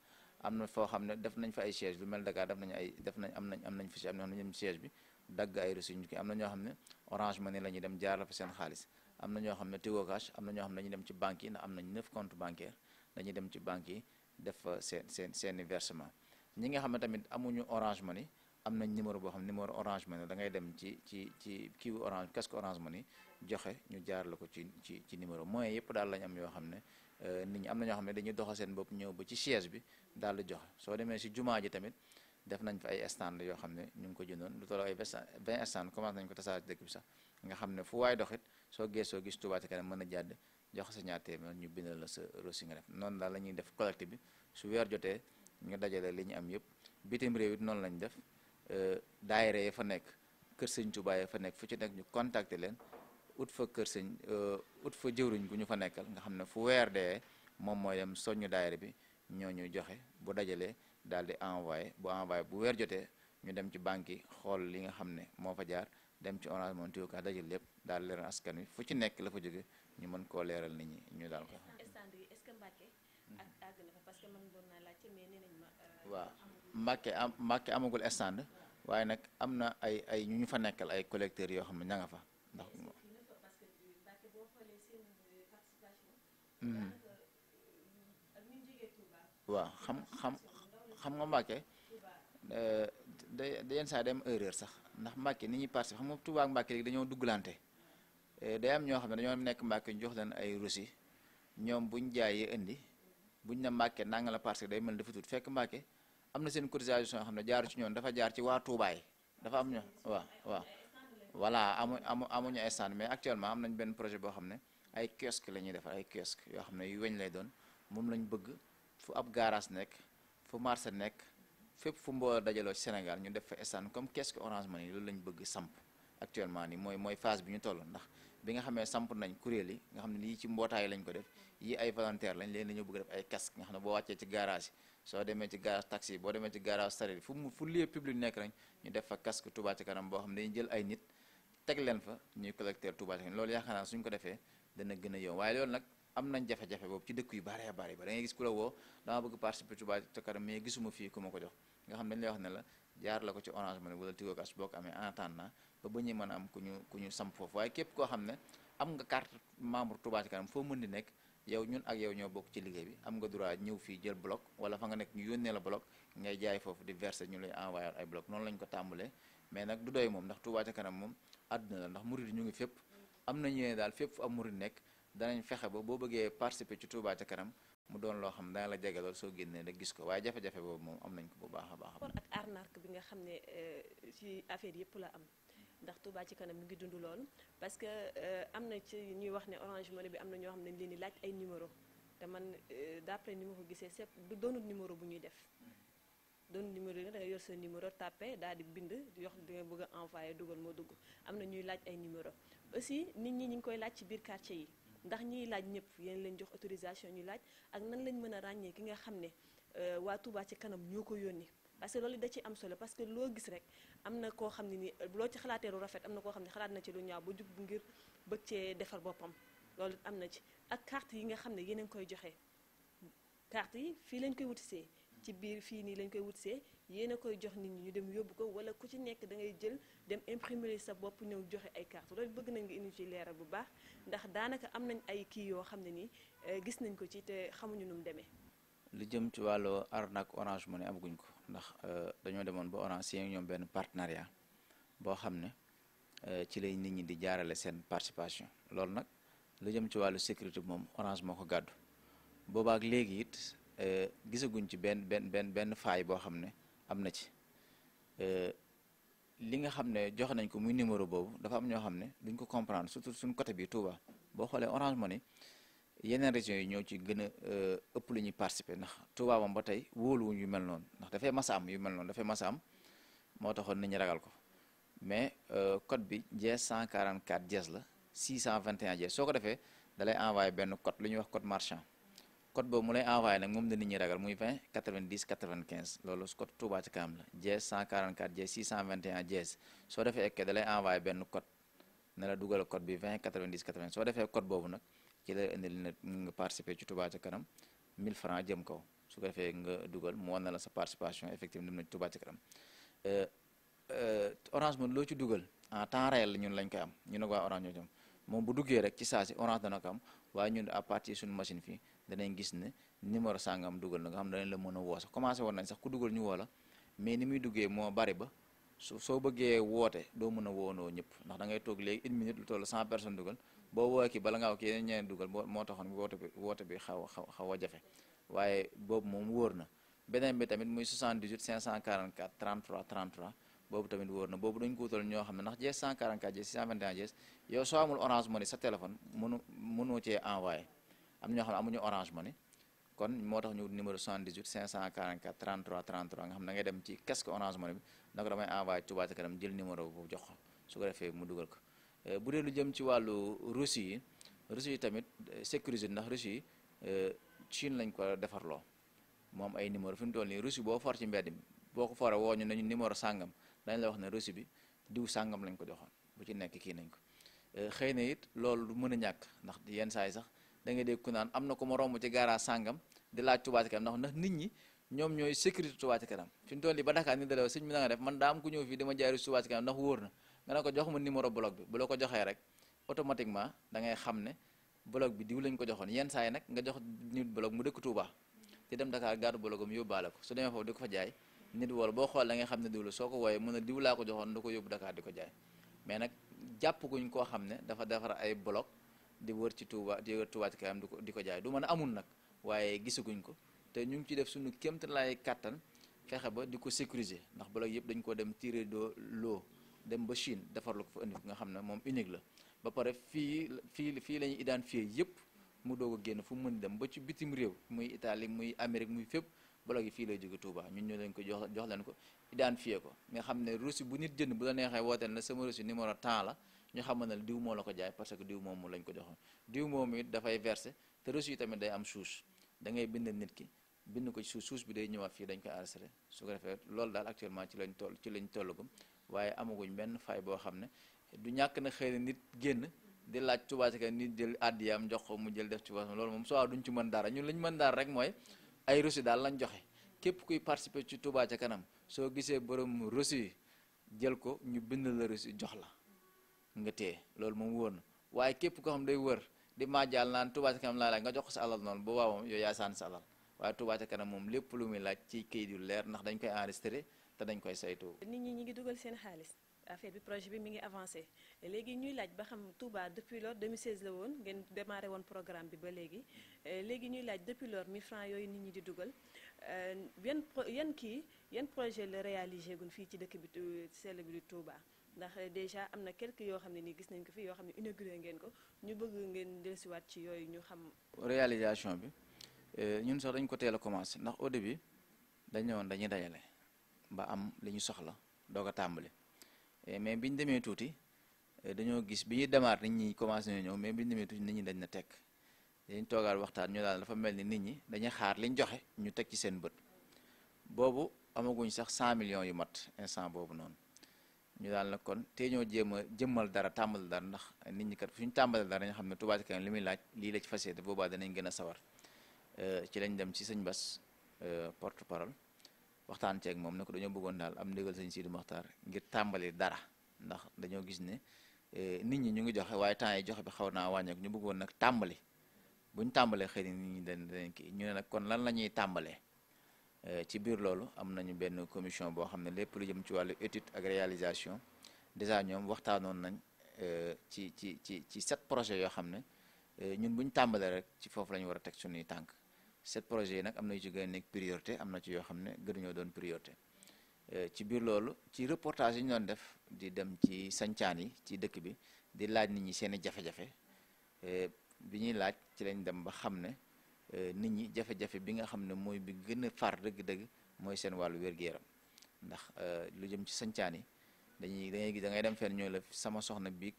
am na foo xam ne def nañ fa ay siège lu mel Dakar def nañ ay def nañ am nañ am nañ fi am nañ siège bi dagg ay reçu ñu ki am na ñoo xam ne Orange ne la ñuy dem jaaral fa seen xaalis am na ñoo xam ne Tigo Cash am na ñoo xam ne dañuy dem ci banques yi ndax am nañ neuf compte bancaire dañuy dem ci banques yi def seen i versement ñi nga xam ne tamit amuñu Orange Money am nañ numéro boo xam numéro Orange Money da ngay dem ci ci ci kii orange casque Orange Money joxe ñu jaar ko ci ci ci numéro moyens yëpp daal lañ am yoo xam ne euh, nit ñi am na ñoo xam ne dañuy doxal seen bopp ñëw ba ci siège bi daal di joxe soo demee si jumaa ji tamit def nañ fa ay stand yoo xam ne ñu ngi ko jëndoon lu toll ay vingt stand commencé nañ ko tasaare ci dëkk bi sax nga xam ne fu waay doxit soo geesoo gis Touba ca kanam mën a jàdd jox sa ñaar téeméer ñu bindal la sa reçu nga def noonu daal la ñuy def collecte bi su weer jotee ñu dajale li ñu am yëpp bitim réew it noonu lañu def euh, daayira ya fa nekk kër sëñ tubaay ya fa nekk fu ci nekk ñu contacter leen ut fa kër sëñ euh, ut fa jëwriñ bu ñu fa nekkal nga xam ne fu weer dee moom mooy dem soññu daayira bi ñoo ñu joxe bu dajalee daal di envoyé bu envoyé bu weer jotee ñu dem ci banque yi xool li nga xam ne moo fa jaar dem ci orange moom tiw dajal lépp daal leeral askan wi fu ci nekk la fa jóge ñu mën koo leeral nit ñu daal ko mhm. euh, waaw am Mbàkke amagul stand waaye nag am na ay ay ñu ñu fa nekkal ay collecteurs yoo xam ne ña nga fa ndax euh, mhm. euh, waaw xam xam xam nga Mbàkke day yenn saa dem am sax ndax Mbàkke ni ñuy participer xam nga Tuubaa ak Mbàkke dañoo dugglante eh, day am ñoo xam ne dañoo nekk Mbàkke ñu jox leen ay reçu ñoom buñ jaayee indi buñ na Mbàkke nanga la parce que day mel dafa tuut fekk Mbàkke am na seen cotisation yoo xam ne jaaru ci ñoom dafa jaar ci waa Tuubaa dafa am ñoo waaw waaw voilà amu amu amuñu ay stand mais actuellement am nañ benn projet boo xam ne ay kiosque la ñuy defar ay kiosque yoo xam ne yu weñ lay doon moom lañ bëgg fu ab garage nekk fu marché nekk fépp fu mbooloo dajaloo ci Sénégal ñu def fa stand comme qu'est-ce que Orange Money loolu lañ bëgg samp actuellement ni mooy mooy phase bi ñu toll ndax bi nga xamee samp nañ kuréel yi nga xam ne lii ci mbootaay lañ ko def yi ay volontaire lañ leen dañoo bëgg def ay casque nga xam ne boo wàccee ci garage yi soo demee ci garage taxi boo demee ci garage sareet fu mu fu lieu public nekk nañ ñu def fa casque Touba Ca Kanam boo xam ne dañuy jël ay nit teg leen fa ñuy collecteur Touba Ca loolu yaakaar naa suñ ko defee dana gën a yow waaye loolu am nañ jafe-jafe boobu dëkk yu bare bare ba da ngay gis ku la woo dama bëgg participer Touba Ca mais gisuma fii ku ma ko jox nga xam ne dañ lay wax ne jaar la ko ci Orange Money wala Tigo Cash boo ko amee en attendant ba ba ñu mën a am ku ñu samp foofu waaye képp koo xam ne am nga carte membre Touba Ca Kanam foo mën nekk yow ñun ak yow ñoo bokk ci liggéey bi am nga droit ñëw fii jël bloc wala fa nga nekk ñu yónnee la bloc ngay jaay foofu di verse ñu lay envoyé ay bloc noonu lañ ko tàmbalee mais nag du doy moom ndax Touba Ca Kanam moom àdduna la ndax murid ñu ngi fépp am na ñëwee daal fépp fu am murid nekk danañ fexe ba boo bëggee participer ci Touba Ca Kanam mu doon loo xam daa la jege lool soo génnee rek gis ko waaye jafe-jafe boobu moom am nañ ko bu baax a baax. ak arnaque bi nga xam ne euh, ci affaire yëpp la am ndax Touba ci kanam mi ngi dundu lool parce que euh, am na ci ñuy wax ne Orange Money bi am na ñoo xam ne dañ leen di laaj ay numéro te man euh, d'après ni ma ko gisee c'est du doonul numéro bu ñuy def. doon numéro yi da yor sa numéro tapé daal di bind di wax bëgg envoyé dugal moo dugg am na ñuy laaj ay numéro aussi nit ñi ñu ngi koy laaj ci biir quartier yi. ndax ñiy laaj ñëpp yéen leen jox autorisation ñu laaj ak nan lañ mën a ràññee ki nga xam ne euh, waa Touba ci kanam ñoo ko yónni parce que loolu da ci am solo parce que loo gis rek am na koo xam ne ni euh, loo ci xalaatee lu rafet am na koo xam ne xalaat na ci lu ñaaw bu jub bu ngir bëgg cee defar boppam loolu am na ci ak carte yi nga xam ne yéen a koy joxe carte yi fii lañ koy wutisee ci biir fii nii lañ koy wutisee yéen a koy jox nit ñi ñu dem yóbbu ko wala ku ci nekk dangay jël dem imprimer sa bopp ñëw joxe ay carte loolu bëgg nañ nga indi ci leeral bu baax ndax daanaka am nañ ay kii yoo xam ne ni euh, gis nañ ko ci te xamuñu nu demee. lu jëm ci wàllu arnaque orange mu ne amaguñ ko ndax euh, dañoo demoon ba orange ñoom benn partenariat boo xam ne euh, ci lay nit ñi di jaarale seen participation loolu nag lu jëm ci wàllu sécurité moom orange moo ko gàddu ak léegi it gisaguñ ci benn benn benn benn faay boo xam ne. am na ci euh, li nga xam ne joxe nañ ko muy numéro boobu dafa am ñoo xam ne duñ ko comprendre surtout suñ côté bi Touba boo xoolee Orange Money yeneen régions yi ñoo ci gën a euh, ëpp lu ñuy participer ndax Touba moom ba tey wóoluwuñ yu mel noonu ndax dafay masa am yu mel noonu dafay masa am moo taxoon nit ñi ragal ko mais euh, code bi jees 144 jees la 621 jees soo ko defee dalay envoyé benn code lu ñuy wax code marchand code boobu mu lay envoyé nag moom la nit ñi ragal muy 20 90 95 loolu code Touba Ca Kanam la dièse 144 dièse 621 dièse soo defee ekkee lay envoyé benn code ne la dugal code bi 20 90 95 soo defee code boobu nag ci la indil na nga participer ci Touba Ca Kanam 1000 francs jëm kaw su ko defee nga dugal mu wan na la sa participation effective dem na ci Touba Ca Kanam euh, euh, orange moom loo ci dugal en temps réel ñun lañ koy am ñun nag waa orange ñoo ci bu duggee rek ci saa orange dana ko am waaye à partir suñu machine fii danañ gis ne numéro sàngam dugal na nga xam ne danañ la mën a woo sax commencé woon nañ sax ku dugal ñu woo la mais ni muy duggee moo bari ba su soo bëggee woote doo mën a woonoo ñëpp ndax da ngay toog léegi une minute lu toll cent personnes dugal boo woowee kii bala ngaa ko yeneen ñeneen dugal moo taxoon woote bi woote bi xaw a xaw a jafe waaye boobu moom wóor na beneen bi tamit muy 78 544 33 33 boobu tamit wóor na boobu dañ ko wutal ñoo xam ne ndax jees 144 jees 621 jees yow soo sa téléphone mënoo cee envoyé am ñoo xam ne amuñu orange money kon moo tax ñu numéro 78 544 33 33 nga xam da ngay dem ci casque orange money bi na ko damay envoyé Touba ca kanam jël numéro bu jox ko su ko defee mu dugal ko euh, bu dee lu jëm ci wàllu Russie yi Russie yi tamit euh, sécurisé ndax Russie yi euh, Chine lañ ko defarloo moom ay numéro fi mu toll nii Russie boo for ci mbedd mi boo ko foree woo ñu nañu numéro sàngam dañ la wax ne Russie bi diw sàngam lañ ko joxoon bu ci nekk kii nañ ko xëy na it loolu mën a ñàkk ndax yenn saa yi sax da ngay dégg ku am na ko ma romb ci gaara sàngam di laaj Touba Ca Kanam ndax ndax nit ñi ñoom ñooy sécurité Touba Ca Kanam fi mu toll ba Dakar ni dalaw sëñ bi na nga def man daa am ku ñëw fii dama jaari Touba Ca Kanam ndax wóor ma numéro blog bi bu ko joxee rek automatiquement da ngay xam ne blog bi diw lañ ko joxoon yenn saa yi nag nga jox nit blog mu dëkk Touba te dem Dakar gàddu blogam yóbbaale ko su demee foofu di ko fa jaay nit wala boo xool da ngay xam ne diw la soo ko wooyee mun a diw laa ko joxoon da ko yóbbu Dakar di ko jaay mais nag jàpp guñ koo xam ne dafa defar ay blog di wër ci Touba di wër Touba ci kanam di ko di ko jaay du mën a amul nag waaye gisaguñ ko te ñu ngi ci def suñu kéemtalaay kàttan fexe ba di ko sécuriser ndax bloc yëpp dañ ko dem tiré doo loo dem ba Chine defarlu ko fa indi ko nga xam ne moom unique la ba pare fii fii fii la ñuy identifier yëpp mu doog a génn fu mu mën dem ba ci bitim réew muy Italie muy Amérique muy fépp bloc yi fii lay jóge Touba ñun ñoo leen ko jox jox leen ko identifier ko nga xam ne reçu bu nit jënd bu la neexee wooteel na sama reçu numéro temps la ñu xamal ne diw moo la ko jaay parce que diw moomu lañ ko joxoon diw moomu it dafay verser te reçu yi tamit day am suus da ngay bind nit ki bind ko ci suus suus bi day ñëwaat fii dañ koy enregistré su ko defee loolu daal lañ toll ci lañ tollagum waaye amaguñ benn fay boo xam ne du ñàkk na xëy na nit génn di laaj Touba Ca Kanam nit jël àddiyaam jox ko mu jël def ci wasam loolu moom soo duñ ci mën dara ñun lañ mën dara rek mooy ay reçu daal lañ joxe képp kuy participer ci Touba Ca Kanam soo gisee borom reçu yi jël ko ñu bind la reçu jox la nga téye loolu moom woon na waaye képp koo xam day wër di maajaal naan Touba ca kanam laa laaj nga jox sa alal noonu boobaa moom yooyu yaa saan sa alal waaye Touba kanam moom lépp lu muy laaj ci kayit yu leer ndax dañ koy enregistré te dañ koy saytu. nit ñi ñi ngi dugal seen xaalis affaire bi projet bi mi ngi avancé léegi ñuy laaj ba xam Touba depuis demi 2016 la woon ngeen démarré woon programme bi ba léegi euh, léegi ñuy laaj depuis lors 1000 francs yooyu nit ñi di dugal euh, yan pro yan kii yan projet la réalisé fii ci dëkk bi euh, sell bi di Touba. ndax euh, déjà am na quelque yoo xam ne nii gis nañ ko fii yoo xam ne inauguré ngeen ko ñu bëgg ngeen dellusiwaat ci yooyu ñu xam. réalisation bi euh, ñun sax dañ ko teel a commencé ndax au dañ ne woon dañuy dajale ba am li ñu soxla doog a tàmbali mais ñu demee tuuti euh, dañoo gis bi ñuy démarrer nit ñi commencé nañu ñëw mais biñ demee tuuti nit ñi dañ na tekk dañ toogaal waxtaan ñu daal dafa mel ni nit ñi dañuy xaar li ñu joxe ñu teg ci seen bët boobu amaguñ sax cent millions yu mat instant boobu noonu. ñu daal na kon te ñoo jéem a jëmmal dara tàmbali dara ndax nit ñi kat suñu tàmbali dara dañu xam ne Touba ca kanam li muy laaj lii la ci fas yéene boobaa danañ gën a sawar euh, ci lañ dem ci sañ Bass euh, porte parole waxtaan ceeg moom ne ko dañoo bëggoon daal am ndigal sañ Sidi Mokhtar ngir tàmbali dara ndax dañoo gis ne euh, nit ñi ñu ngi joxe waaye temps yi joxe bi xaw naa wàññeeku ñu bëggoon nag tàmbali buñ tàmbalee xëy na nit ñi dañ dañ kii ñu ne nag kon lan la ñuy tàmbalee Euh, ci biir loolu am nañu benn commission boo xam ne lépp lu jëm ci wàllu étude ak réalisation déjà ñoom waxtaanoon nañ euh, ci ci ci ci sept projets yoo xam ne euh, ñun bu ñu tàmbalee rek ci foofu la ñu war a teg suñuy tànk sept projet yi nag am na yu ci gën nekk priorité am na ci yoo xam ne gënuñoo doon priorité ci biir loolu ci reportage yi ñu doon def di dem ci sancaan yi ci dëkk bi di laaj nit ñi seen i jafe-jafe bi ñuy laaj ci lañ dem ba xam ne Euh, nit ñi jafe-jafe bi nga xam ne mooy bi gën a far dëgg-dëgg mooy seen wàllu wér-gu-yaram ndax euh, lu jëm ci sancaan yi dañuy dangay da ngay dem fenn ñoo la sama soxna biig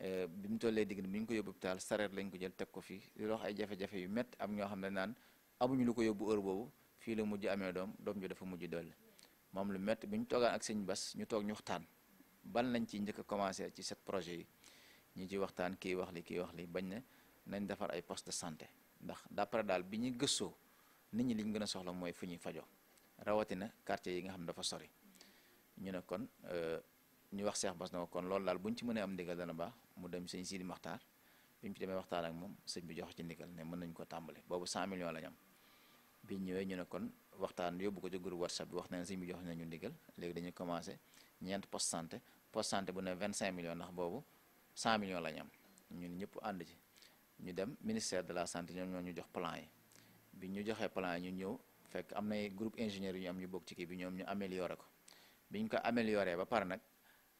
euh, bi mu tollee digg bi ñu ko yóbbu hôpital sareet lañ ko jël teg ko fii li wax ay jafe-jafe yu métti am ñoo xam ne naan amuñu lu ko yóbbu heure boobu fii la mujj amee doom doom ju dafa mujj dolli moom lu métti bi ñu toogaan ak sëñ Bas ñu toog ñu waxtaan bal nañ ci njëkk a commencé ci set projet yi ñu ci waxtaan kii wax li kii wax li bañ ne nañ defar ay poste de ndax d'après daal bi ñuy gëstoo nit ñi liñ gën a soxla mooy fu ñuy fajo rawatina quartier yi nga xam ne dafa sori ñu ne kon euh, ñu wax Cheikh bas na ko kon loolu daal bu ñu ci mënee am ndigal dana baax mu dem sëñ Sidi Maxtaar bi mu ci demee waxtaan ak moom sëñ bi jox ci ndigal ne mën nañ ko tàmbali boobu 100 millions lañ am biñ ñëwee ñu ne kon waxtaan yóbbu ko ci groupe whatsapp bi wax nañ sëñ bi jox nañu ndigal léegi dañuy commencé ñeent post santé poste santé bu ne 25 millions ndax boobu 100 millions lañ am ñun ñëpp ànd ci ñu dem ministère de la santé ñoom ñoo ñu jox plan yi bi ñu joxee plan yi ñu ñëw fekk am nay groupe ingénieur yu ñu am ñu bokk ci kii bi ñoom ñu amélioré ko bi ñu ko amélioré ba pare nag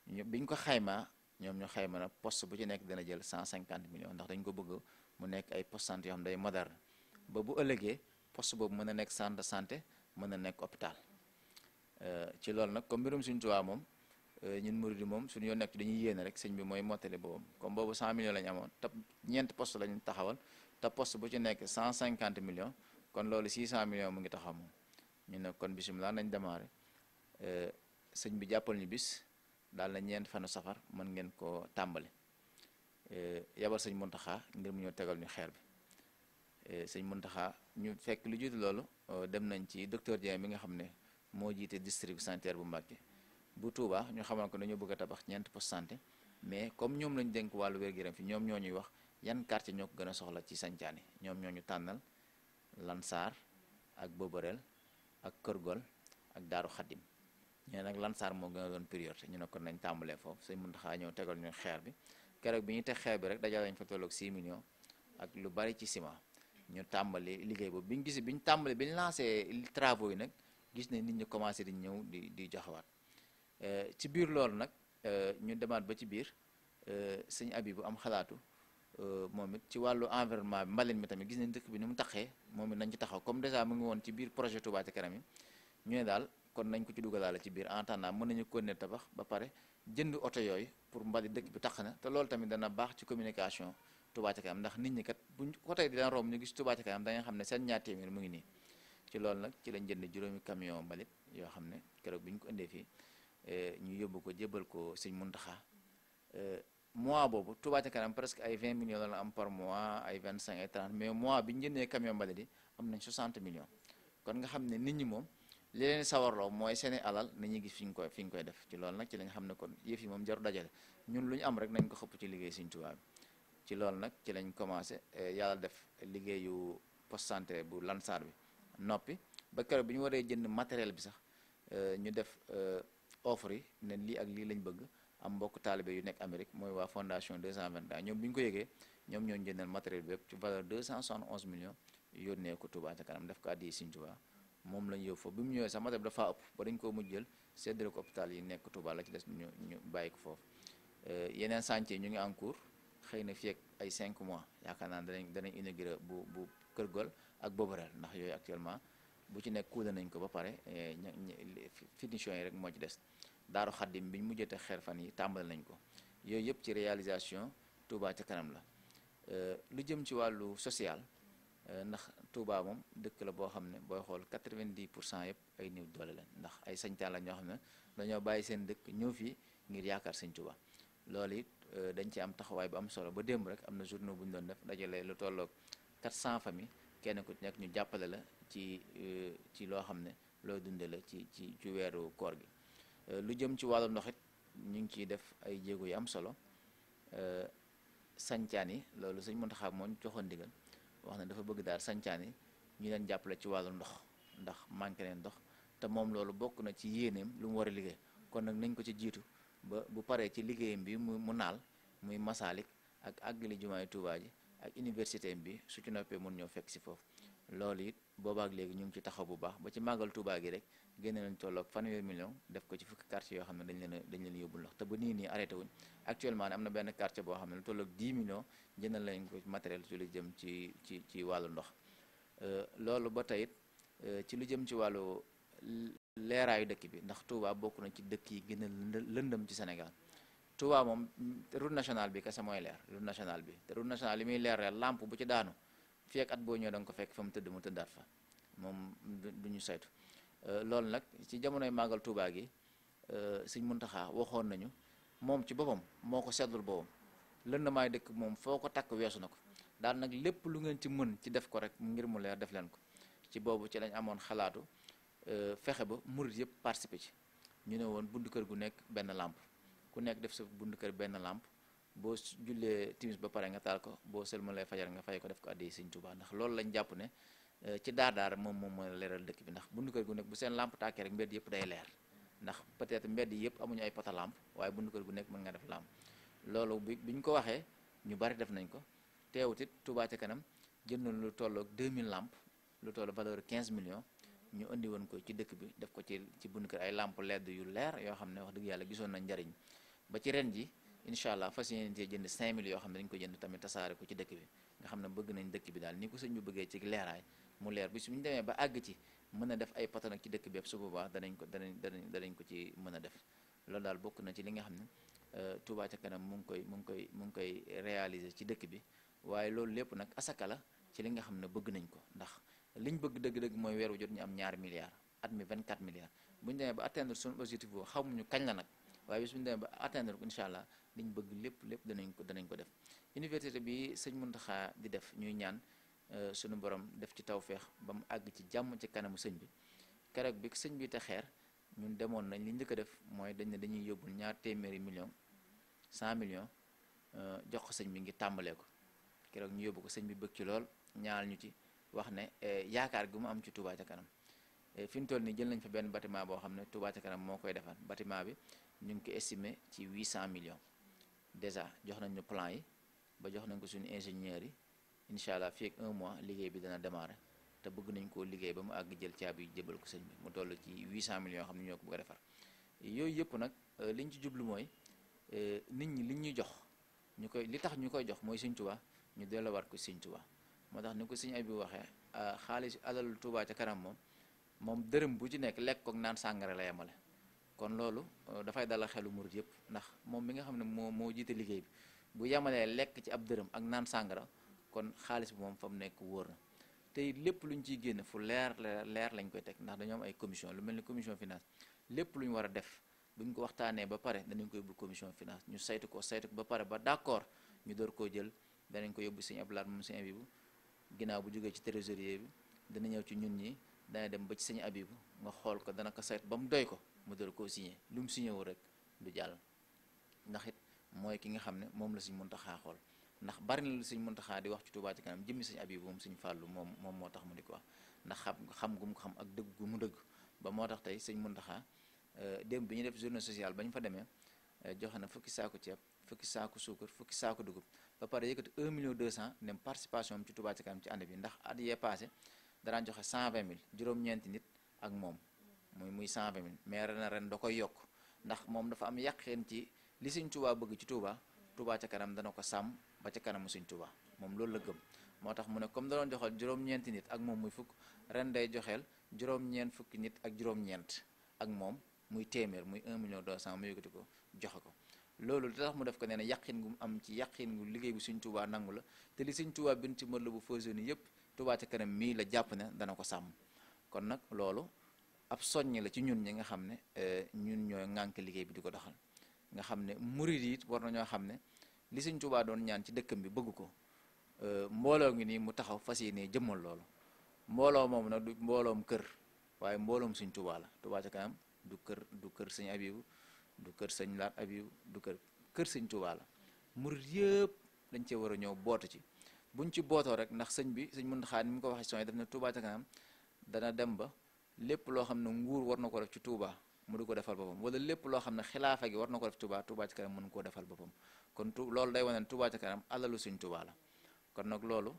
ñu ko xaymaa ñoom ñu xayma nag post bu ci nekk dana jël cent cinquante million ndax dañ ko bëgg mu nekk ay poste santé yoo xam day moderne ba bu ëllëgee post boobu mën a nekk centre de santé mën a nekk hôpital euh, ci loolu nag comme mbirum suñu tuwaa moom Euh, ñun Mouride moom suñu yoon nekk dañuy yéene rek sëñ bi mooy mottali boobam comme boobu 100 millions la ñu amoon te ñeent post lañu taxawal te post bu ci nekk 150 million kon loolu 600 millions mu ngi taxaw moom ñu ne kon bisimilah nañ démarré euh, sëñ bi jàppal ñu bis daal na ñeent fanu safar mën ngeen koo tàmbali euh, yabal sëñ Muntaxa ngir mu ñëw tegal ñu xeer bi sëñ Muntaxa ñu fekk lu jiitu loolu dem nañ ci docteur Dieng bi nga xam ne moo jiite district sanitaire bu Mbàkke bu Touba ñu xamal ko dañoo bëgg tabax ñeent poste santé mais comme ñoom lañ dénk wàllu wér-gu-yaram fi ñoom ñoo ñuy wax yan quartier ñoo ko gën a soxla ci sancaani ñoom ñoo ñu tànnal Lansar ak Boborel ak Kër Gol ak Daaru Xaddim ñee nag Lansar moo gën a doon priorité ñu ne kon nañ tàmbalee foofu Sëñ Muntaxa ñëw tegal ñu xeer bi keroog bi ñu teg xeer bi rek dajal lañ fekk tolloog 6 millions ak lu bari ci ciment ñu tàmbali liggéey boobu bi ñu gisee bi ñu tàmbali bi ñu lancé yi nag gis ne nit ñi commencé di ñëw di di joxewaat Eh, ci biir loolu nag eh, ñu demaat ba ci biir eh, sëñ Abibu am xalaatu moom it ci wàllu environnement bi mbalin mi tamit gis nañ dëkk bi ni mu taxee moom it nañ ci taxaw comme dèjà mu ngi woon ci biir projet Touba Ca Kanam ne kon nañ ko ci dugalaale ci biir en attendant mën nañu continuer tabax ba pare jënd oto yooyu pour mbali dëkk bi tax na te loolu tamit dana baax ci communication Touba Ca Kanam ndax nit ñi kat bu ko tey di daan romb ñu gis Touba Ca Kanam da xam ne seen ñaar téeméer mu ngi nii ci loolu nag ci lañ jënd juróomi kamion mbalit yoo xam ne keroog bi ñu ko indee fii Eh, ñu yóbbu ko jébbal ko sëñ Muntaxa eh, mois boobu Touba ca kanam presque ay 20 millions la am par mois ay 25 ay 30 mais mois bi ñu jëndee camion mbalit yi am nañ 60 millions kon nga xam ne nit ñi moom li leen sawarloo mooy seeni alal nañuy gis fi ñu koy fi ñu koy def ci loolu nag ci la nga xam ne kon yëf yi moom jaru dajale ñun lu ñu am rek nañ ko xëpp ci liggéey sëñ Touba ci loolu nag ci lañ commencé eh, yàlla def liggéeyu poste santé bu Lansar bi noppi ba kër bi ñu waree jënd matériel bi sax ñu def offre yi ne lii ak lii lañ bëgg am mbokk taalibe yu nekk Amérique mooy waa fondation 221 ñoom bi ñu ko yëgee ñoom ñoo jëndal matériel bi yëpp ci valeur 271 millions yónnee ko Touba ca kanam def ko addi Sëriñ Touba moom lañ yóbbu foofu bi mu ñëwee sax matériel bi dafaa ëpp ba dañ koo mujj jël séddale ko hôpital yi nekk Touba la ci des ñu ñu bàyyi ko foofu euh, yeneen chantier ñu ngi en cours xëy na fii ak ay cinq mois yaakaar naa danañ danañ inauguré bu bu Kër Gol ak Boborel ndax yooyu actuellement bu ci nekk kuuda nañ ko ba pare eh, finition yi rek moo ci des daaru xaddim bi ñu mujjate xeer fan yi tàmbali nañ ko yooyu yëpp ci réalisation Touba ca kanam la eh, lu jëm ci wàllu social eh, ndax Touba moom dëkk la boo xam ne booy xool 90 pour cent yëpp ay néew doole la ndax ay sañtaan la ñoo xam ne dañoo bàyyi seen dëkk ñëw fii ngir yaakaar sëñ Touba loolu it dañ ci am taxawaay bu am solo ba démb rek am na journée bu ñu doon def dajale lu tolloog 400 famille kenn ku ci nekk ñu jàppale la ci euh, ci loo xam ne loo dunde la ci ci ci weeru koor gi euh, lu jëm ci wàllu ndox it ñu ngi ciy def ay jéego yi am solo euh, sancaan yi loolu sëñ Muntaxa moo ñu joxoon ndigal wax ne dafa bëgg daal sancaan yi ñu leen jàppale ci wàllu ndox ndax manqué neen ndox te moom loolu bokk na ci yéeneem lu mu war a liggéey kon nag nañ ko ci jiitu ba bu paree ci liggéeyam bi mu mu naal muy masaalik ak àggali jumaay yi ji ak université bi su ci noppee mun ñoo fekk si foofu loolu it boobaak léegi ñu ngi ci taxaw bu baax ba ci màggal Touba gi rek génne nañ tolloog fanweeri million def ko ci fukki quartier yoo xam ne dañ leen a dañ leen yóbbul ndox te ba nii nii arrêté wuñ actuellement ne am na benn quartier boo xam ne lu tolloog 10 millions jëndal lañ ko matériel ci lu jëm ci ci ci wàllu ndox euh, loolu ba tey euh, ci lu jëm ci wàllu leeraayu dëkk bi ndax Touba bokk na ci dëkk yi gën a ci Sénégal Touba moom route national bi kese mooy leer route national bi te route nationale li muy leer leer lampe bu ci daanu fii at boo ñëw da nga ko fekk fa mu tëdd mu tëddaat fa moom du ñu saytu euh, loolu nag ci jamonoy màggal Touba gi euh, Sëñ Muntaxa waxoon nañu moom ci boppam moo ko seetlul boppam lëndamaay dëkk moom foo ko takk weesu na ko daal nag lépp lu ngeen ci mën ci def ko rek ngir mu leer def leen ko ci boobu ci lañ amoon xalaatu euh, fexe ba murit yëpp participer ci ñu ne woon buntu kër gu nekk benn lampe. ku nekk def sa buntu kër benn làmp boo jullee timis ba pare nga taal ko boo sëlmalee fajar nga fay ko def ko addi Sëñ Tuubaa ndax loolu lañ jàpp ne euh, ci daadaar moom moom mooy leeral dëkk bi ndax buntu kër gu nekk bu seen lampe tàkkee rek mbedd yëpp day leer ndax peut-être mbedd yëpp amuñu ay pota lampe waaye buntu kër gu nekk mën nga def lampe loolu bi bi ñu ko waxee ñu bari def nañ ko teewut it Touba ci kanam jën lu toll ak mille lampes lu toll valeur 15 millions ñu indi woon ko ci dëkk bi def ko ci ci buntu ay lampes LED yu leer yoo xam ne wax dëgg yàlla gisoon nañ njariñ ba ci ren ji incha allah fas yéene cee jënd 5000 yoo xam ne dañ ko jënd tamit tasaare ko ci dëkk bi nga xam ne bëgg nañ dëkk bi daal ni ko sëñ bi bëggee ci leeraay mu leer bi suñu demee ba àgg ci mën a def ay pata nag ci dëkk bi yëpp su boobaa danañ ko danañ danañ danañ ko ci mën a def loolu daal bokk na ci li nga xam ne euh, Touba ca kanam mu ngi koy mu ngi koy mu ngi koy réaliser ci dëkk bi waaye loolu lépp nag asaka la ci li nga xam ne bëgg nañ ko ndax liñ bëgg dëgg-dëgg mooy weer wu ñu am ñaar milliards at mi 24 milliards bu ñu demee ba atteindre suñu objectif boobu kañ la nag waaye bis bu ñu ba atteindre ko incha allah liñ bëgg lépp lépp danañ ko danañ ko def université bi sëñ mun Muntaxa di def ñuy ñaan euh, sunu borom def ci tawféex ba mu àgg ci jàmm ci kanamu sëñ bi keroog bi sëñ bi te xeer ñun demoon nañ li njëkk def mooy dañ ne dañuy yóbbul ñaar téeméeri million cent millions euh, jox ko sëñ bi ngi tàmbalee ko keroog ñu yóbbu ko sëñ bi bëgg ci lool ñaal ñu ci wax ne euh, yaakaar gi mu am ci Touba ca kanam fi mu toll nii jël nañ fa benn bâtiment boo xam ne Touba ca kanam moo koy defar bâtiment bi ñu ngi ko estimé ci cent millions déjà jox nañ ñu plan yi ba jox nañ ko suñu ingénieurs yi incha allah fii un mois liggéey bi dana démarrer te bëgg nañ koo liggéey ba mu àgg jël caabi jëbal ko sëñ bi mu toll ci 800 millions xam ne ñoo ko bëgg a defar yooyu yëpp nag euh, liñ ci jublu mooy euh, nit ñi liñ ñu jox ñu koy li tax ñu koy jox mooy sëñ Tuubaa ñu delluwaat ko sëñ Tuubaa moo tax ni ko sëñ Abibu waxee euh, xaalis alalul Tuubaa ca kanam moom moom dërëm bu ci nekk lekk kook naan sàngara la yemale kon loolu euh, dafay dalal xelu murid yëpp ndax moom mi nga xam ne moo moo jiite liggéey bi bu yemalee lekk ci ab dërëm ak naan sàngara kon xaalis bi moom fa mu nekk wóor na tey lépp lu ñu ciy génn fu leer leer lañ koy teg ndax dañoom ay commission lu mel ni commission finance lépp lu ñu war a def bu ñu ko waxtaanee ba pare danañ ko yóbbu commission finance ñu saytu ko saytu ko ba pare ba d'accord ñu door koo jël danañ ko yóbbu sëñ Abdoulaye moom sëñ ginnaaw bu jógee ci trésorier bi dana ñëw ci ñun ñi dana dem ba ci sëñ Abibu nga xool ko dana ko saytu ba mu doy ko mu dal koo signé lu mu signé wu rek du jàll ndax it mooy ki nga xam ne moom la Sëñ Muntaxaa xool ndax bari na lu Sëñ Muntaxaa di wax ci Touba Ca Kanam jëmmi Sëñ Abibu moom Sëñ Fàllu moom moom moo tax mu di ko wax ndax xam xam gu mu xam ak dëgg gu mu dëgg ba moo tax tey Sëñ Muntaxaa euh, démb bi ñu def journée sociale ba ñu fa demee euh, joxe na fukki saaku ceeb fukki saaku suukar fukki saaku dugub ba pare yëkkati un million 200 ne participation am ci Touba Ca Kanam bi ndax at yee passé joxe 120 000 juróom-ñeenti nit ak moom muy muy cent vingt mille mais ren ren da koy yokk ndax moom dafa am yàqeen ci li suñ Tuubaa bëgg ci Tuubaa Tuubaa ca kanam dana ko sàmm ba ca kanamu Sëñ Tuubaa moom loolu la gëm moo tax mu ne comme da doon juróom-ñeenti nit ak moom muy fukk ren day joxeel juróom fukki nit ak juróom ak moom muy téeméer muy 1 million 200 mu yëkkati ko joxe ko loolu li mu def ko nee na yàqin gu mu am ci yàqin gu liggéey bu Sëñ nangu la te li Sëñ Tuubaa bind ci mën la bu fausoni yëpp Tuubaa ca kanam mii la jàpp ne dana ko sàmm kon nag loolu ab soññ la ci ñun ñi nga xam ne eh, ñun ñooy ŋànk liggéey bi di ko doxal nga xam ne murid yi it na ñoo xam ne li suñ Tuubaa doon ñaan ci dëkkam bi bëgg ko eh, mbooloo ngi nii mu taxaw fas yéenee jëmmal loolu mbooloo moom nag du mbooloom kër waaye mbooloom Sëñ Tuubaa la Tuubaa ca kanam du kër du kër Sëñ Abibu du kër Sëñ Laat Abibu du kër kër Sëñ Tuubaa la murid yëpp dañ cee war a ñëw bootu ci buñ ci bootoo rek ndax sëñ bi sëñ Muntaxaa ni mu ko waxee soñ def na Tuubaa ca kanam dem ba lépp loo xam ne nguur war na ko def ci Touba mu di ko defal boppam wala lépp loo xam ne xilaafa gi war na ko def Touba Touba ci kanam mën koo defal boppam kon tu loolu day wane ne Touba ci kanam alalu suñ Touba la kon nag loolu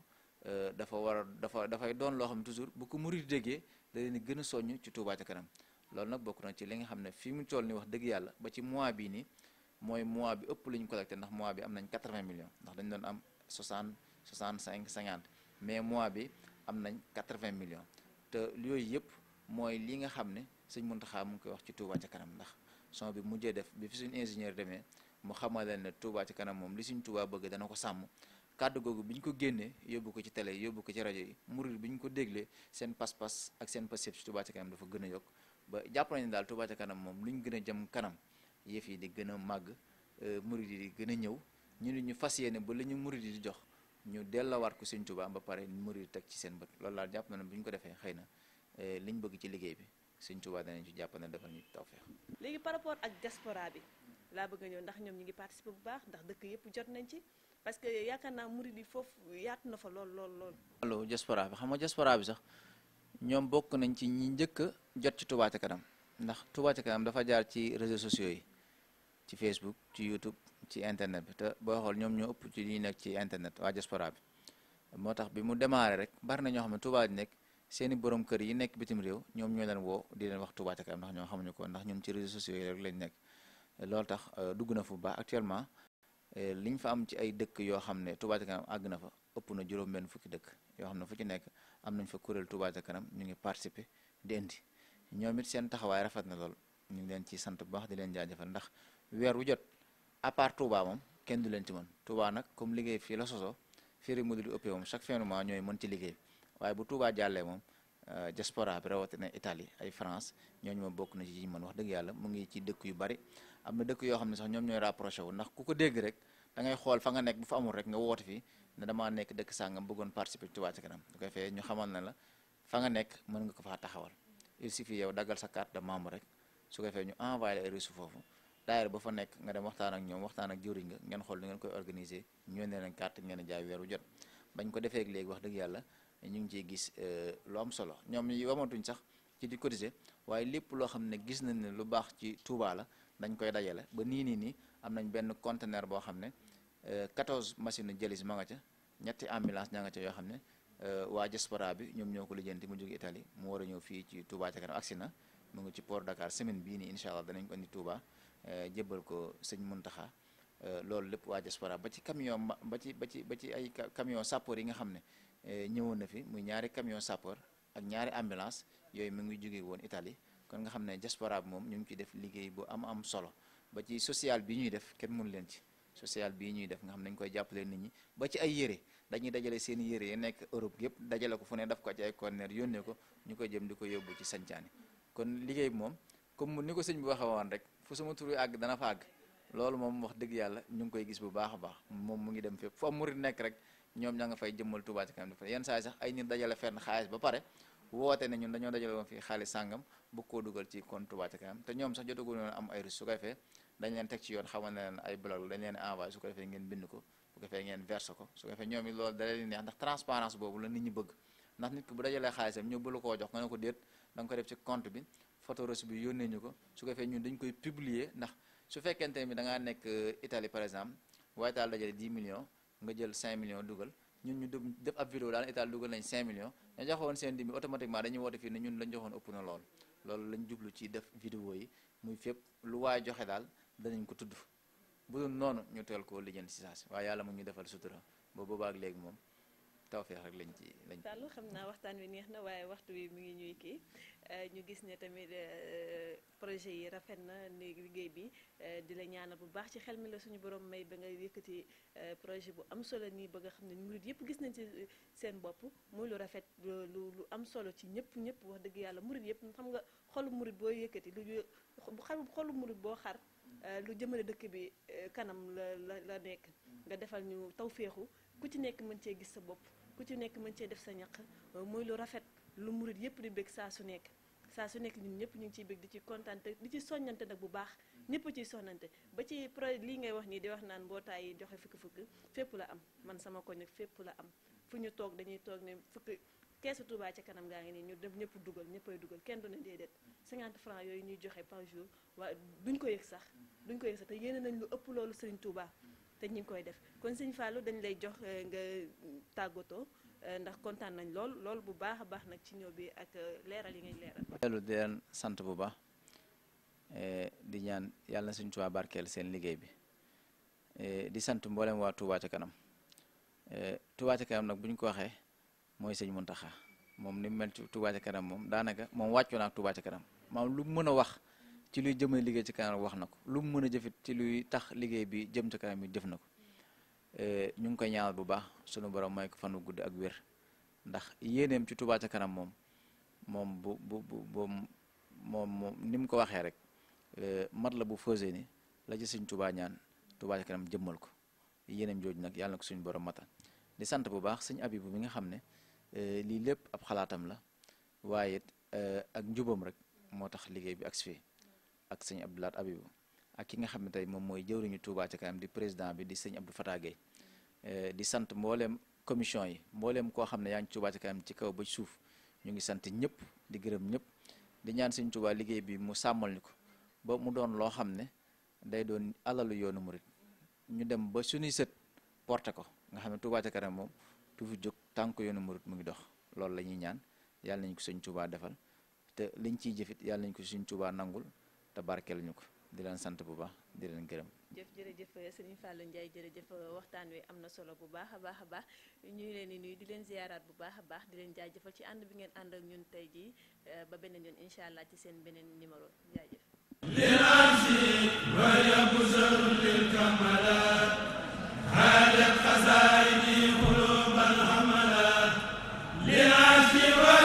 euh, dafa war a dafay doon loo xam ne toujours bu ko murid déggee da leen gën a soññ ci Touba ci kanam loolu nag bokk na ci li nga xam ne fii mu toll ni wax dëgg yàlla ba ci mois bii nii mooy mois bi ëpp lu ñu collecté ndax mois bi am nañ 80 millions ndax dañ doon am 60 65 50 mais mois bi am nañ 80 millions te yooyu yëpp mooy li nga xam ne sëñ Muntaxa mu ngi koy wax ci Touba ca kanam ndax son bi mujjee def bi fi suñ ingénieur demee mu xamal leen ne Touba kanam moom li suñ Touba bëgg dana ko sàmm kàddu googu bi ñu ko génnee yóbbu ko ci télé yóbbu ko ci rajo yi murid bi ñu ko déglee seen pas ak seen pasib ci Touba ci dafa gën a yokk ba jàpp nañu daal Touba ci kanam moom lu ñu gën a jëm kanam yëf yi di gën a màgg euh, murid yi di gën a ñëw ñu ni ñu fas yéene ba li ñu murid di jox ñu dellawaat ko suñ Touba ba pare murid teg ci seen bët loolu daal jàpp na ne bu ñu ko defee xëy na Eh, liñ bëgg ci liggéey bi Sëñ Tuubaa danañ ci jàpp ne defal ñu tawfeex. léegi par rapport ak diaspora bi laa bëgg a ñëw ñoom ñu ngi participer bu baax ndax dëkk yëpp jot nañ ci parce que yaakaar naa murid yi foofu yaatu na fa lool lool lool. allo diaspora bi xam nga diaspora sax ñoom bokk nañ ci ñi njëkk a jot ci kanam ndax Touba ca dafa jaar ci réseaux sociaux yi ci Facebook ci ci internet bi te boo xool ñoom ñoo ëpp ci li nekk ci internet waa diaspora bi moo tax bi mu démarré rek bari na ñoo xam ne Touba di nekk. seeni borom kër yi nekk bitim réew ñoom ñoo leen woo di leen wax Touba ca kanam ndax ñoo xamuñu ko ndax ñoom ci réseaux sociaux yi rek lañ nekk loolu tax euh, dugg na fu baax actuellement euh, liñ fa am ci ay dëkk yoo xam ne Touba ca kanam àgg na fa ëpp na juróom-benn fukki dëkk yoo xam ne fu ci nekk am nañ fa kuréel Touba ca kanam ñu ngi participer di indi ñoom it seen taxawaay rafet na lool ñu ngi leen ci sant bu baax di leen jaajëfal ndax weer wu jot à part kenn du leen ci mën Touba nag comme liggéey fii la soso fii rek mu di ëppee moom chaque fin mën ci liggéey waaye bu Touba jàllee moom euh, diaspora bi rawatina Italie ay France ñooñu moom bokk na ci yi mën wax dëgg yàlla mu ngi ci dëkk yu bari am na dëkk yoo xam ne sax ñoom ñooy rapproché wu ndax ku ko dégg rek da ngay xool fa nga nekk bu fa amul rek nga woot fi ne damaa nekk dëkk sàngam bëggoon participer Touba ca kanam bu ko fee ñu xamal na la fa nga nekk mën nga ko faa taxawal il suffit yow daggal sa carte membre rek su ko fee ñu envoyé la foofu daayira ba fa nekk nga dem waxtaan ak ñoom waxtaan ak jëwriñ nga ngeen xool ni ngeen koy organiser ñoo ne leen carte ngeen jaay weeru jot bañ ko defee léegi wax dëgg yàlla ñu ngi cee gis euh, lu am solo ñoom ñu wamatuñ sax ci di cotiser waaye lépp loo xam ne gis nañ ne lu baax ci Touba la dañ koy dajale ba nii nii nii am nañ benn conteneur boo xam ne 14 machine jalis ma nga ca ñetti ambulance ña ca yoo xam ne euh, waa diaspora bi ñoom ñoo ko lijjanti mu jóge Italie mu war a ñëw fii ci Touba ca kanam agsi na mu ngi ci port Dakar semaine bii nii incha allah danañ ko indi Touba euh, jébbal ko sëñ Muntaxa loolu lépp waa diaspora ba ci camion ba ci ba ci ba ci ay camion sappoor yi nga xam ne Eh, ñëwoon na fi muy ñaari camion sapeur ak ñaari ambulance yooyu mu ngi jóge woon Italie kon nga xam ne diaspora bi moom ñu ngi ciy def liggéey bu am solo ba ci social bi ñuy def kenn mënu leen ci social bii ñuy def nga xam nañ koy jàppale nit ñi ba ci ay yére dañuy dajale seen yére yi nekk Europe yëpp dajale ko fu ne daf ko ci ay conteneur ko ñu koy jëm di ko yóbbu ci sancaani kon liggéey bi moom comme ni ko sëñ bi waxee woon rek fu sama turu àgg dana fa àgg loolu moom wax dëgg yàlla ñu ngi koy gis bu baax a baax moom mu ngi dem fépp fu am nekk rek ñoom ña nga fay jëmmal Touba Ca Kanam di yenn saa sax ay nit dajale fenn xaalis ba pare woote ne ñun dañoo dajale woon fii xaalis sàngam bëgg koo dugal ci compte Touba te ñoom sax jotaguñu woon am ay reçus su ko defee dañ leen teg ci yoon xamal ne leen ay blog dañ leen envoyé su ko defee ngeen bind ko su ko fee ngeen verse ko su ko defee ñoom it loolu da leen neex ndax transparence boobu la nit ñi bëgg ndax nit koo jox nga ne ko déet da nga ko def ci compte bi photo reçu bi ko su ko ñun dañ koy publier ndax su fekkente bi da ngaa nekk euh, Italie par exemple waaye daal dajale 10 millions nga jël 5 millions dugal ñun ñu def ab vidéo daal état dugal nañ 5 millions ñu joxoon seen dimi automatiquement dañuy woote fii ne ñun lañ joxoon ëpp na lool loolu lañ jublu ci def vidéo yi muy fépp lu waay joxe daal danañ ko tudd bu dul noonu ñu teel koo lijjanti si saa si waaye yàlla mu ñu defal sutura ba boobaak léegi moom tawféex rek lañ ci lañ ci. xam naa waxtaan wi neex na waaye waxtu wi mu ngi ñuy kii euh, ñu gis ne tamit euh, projet yi rafet na ni liggéey bi euh, di la ñaanal bu baax ci xel mi la suñu borom may ba nga yëkkati projet bu am solo nii ba nga xam ne murid yëpp gis nañ ci seen bopp muy lu rafet lu lu am solo ci ñëpp ñëpp wax dëgg yàlla murid yëpp xam nga xolu murid boo yëkkati lu bu xam xolu murid boo xar. lu jëmale dëkk bi kanam la la la nekk. nga defal ñu tawféexu ku ci nekk mën cee gis sa bopp. ku ci nekk mën cee def sa ñaq euh, muy lu rafet lu murit yëpp di bëgg saa su nekk saa su nekk ñun ñëpp ñu ngi ciy bëgg di ci kontante di ci soññante nag bu baax ñëpp ciy soññante ba ci projet lii ngay wax nii di wax naan mbootaay yi joxe fukk-fukk fépp la am man sama koñ nag fépp la am fu ñu toog dañuy toog ne fukk keesu Touba ci kanam gaa ngi nii ñu dem ñëpp dugal ñëppay dugal kenn du ne déedéet 50 francs yooyu ñuy joxe par jour waa duñ ko yëg sax duñ ko yëg sax te yéene nañ lu ëpp loolu Serigne Touba te ñu ngi koy def kon sëñ Fallou dañ lay jox euh, nga tàggatoo euh, ndax kontaan nañ lool lool bu baax a baax nag ci ñëw bi ak euh, leeral yi ngay leeral. dellu di sant bu baax eh, di ñaan yàlla na suñu seen liggéey bi eh, di sant mboolem waa Touba kanam eh, Touba ca kanam nag bu ñu ko waxee mooy sëñ taxa moom ni mu mel ci kanam moom daanaka moom wàcc naa ak Touba kanam maam lu mën a wax. ci luy jëmale liggéey ci kanam wax na ko lu mu mën a jëfit ci luy tax liggéey bi jëm ci kanam yi jëf na ko euh, ñu ngi koy ñaanal bu baax sunu borom may ko fanu gudd ak wér yéeneem ci Touba ca kanam moom moom moom moom ni ko waxee rek euh, mat la bu fësee ni la suñ Touba ñaan Touba kanam jëmmal ko yéeneem jooju nag yàlla ko suñu borom matal di sant bu baax suñ Abibu mi nga xam ne euh, lii lépp ab xalaatam la waaye ak njubam rek moo tax liggéey bi ak si ak sëñ Abdou Abibu ak ki nga xam ne tey moom mooy jëwriñu Touba ca kanam di président bi di sëñ Abdou Fatah Gueye eh, di sant mbooleem commission yi mbooleem koo xam ne yaa ngi Touba ca kanam ci kaw ba suuf ñu ngi sant ñëpp di gërëm ñëpp di ñaan sëñ Touba liggéey bi mu sàmmal ñu ko ba mu doon loo xam ne day doon alalu yoonu murit ñu dem ba suñuy sët porté ko nga xam ne Touba ca kanam moom du fi jóg tànk yoonu murit mu ngi dox loolu la ñuy ñaan yàl nañ ko sëñ Touba defal te liñ ciy jëfit yàlla nañ ko te barkeel ñu ko di leen sant bu baax di leen gërëm. jëf jërëjëf Serigne Fallou Ndiaye jëf waxtaan wi am na solo bu baax a baax a baax ñu leen di nuyu di leen ziyaaraat bu baax a baax di leen jaajëfal ci ànd bi ngeen ànd ak ñun tey jii eh, ba beneen yoon incha allah ci seen beneen numéro jaajëf. li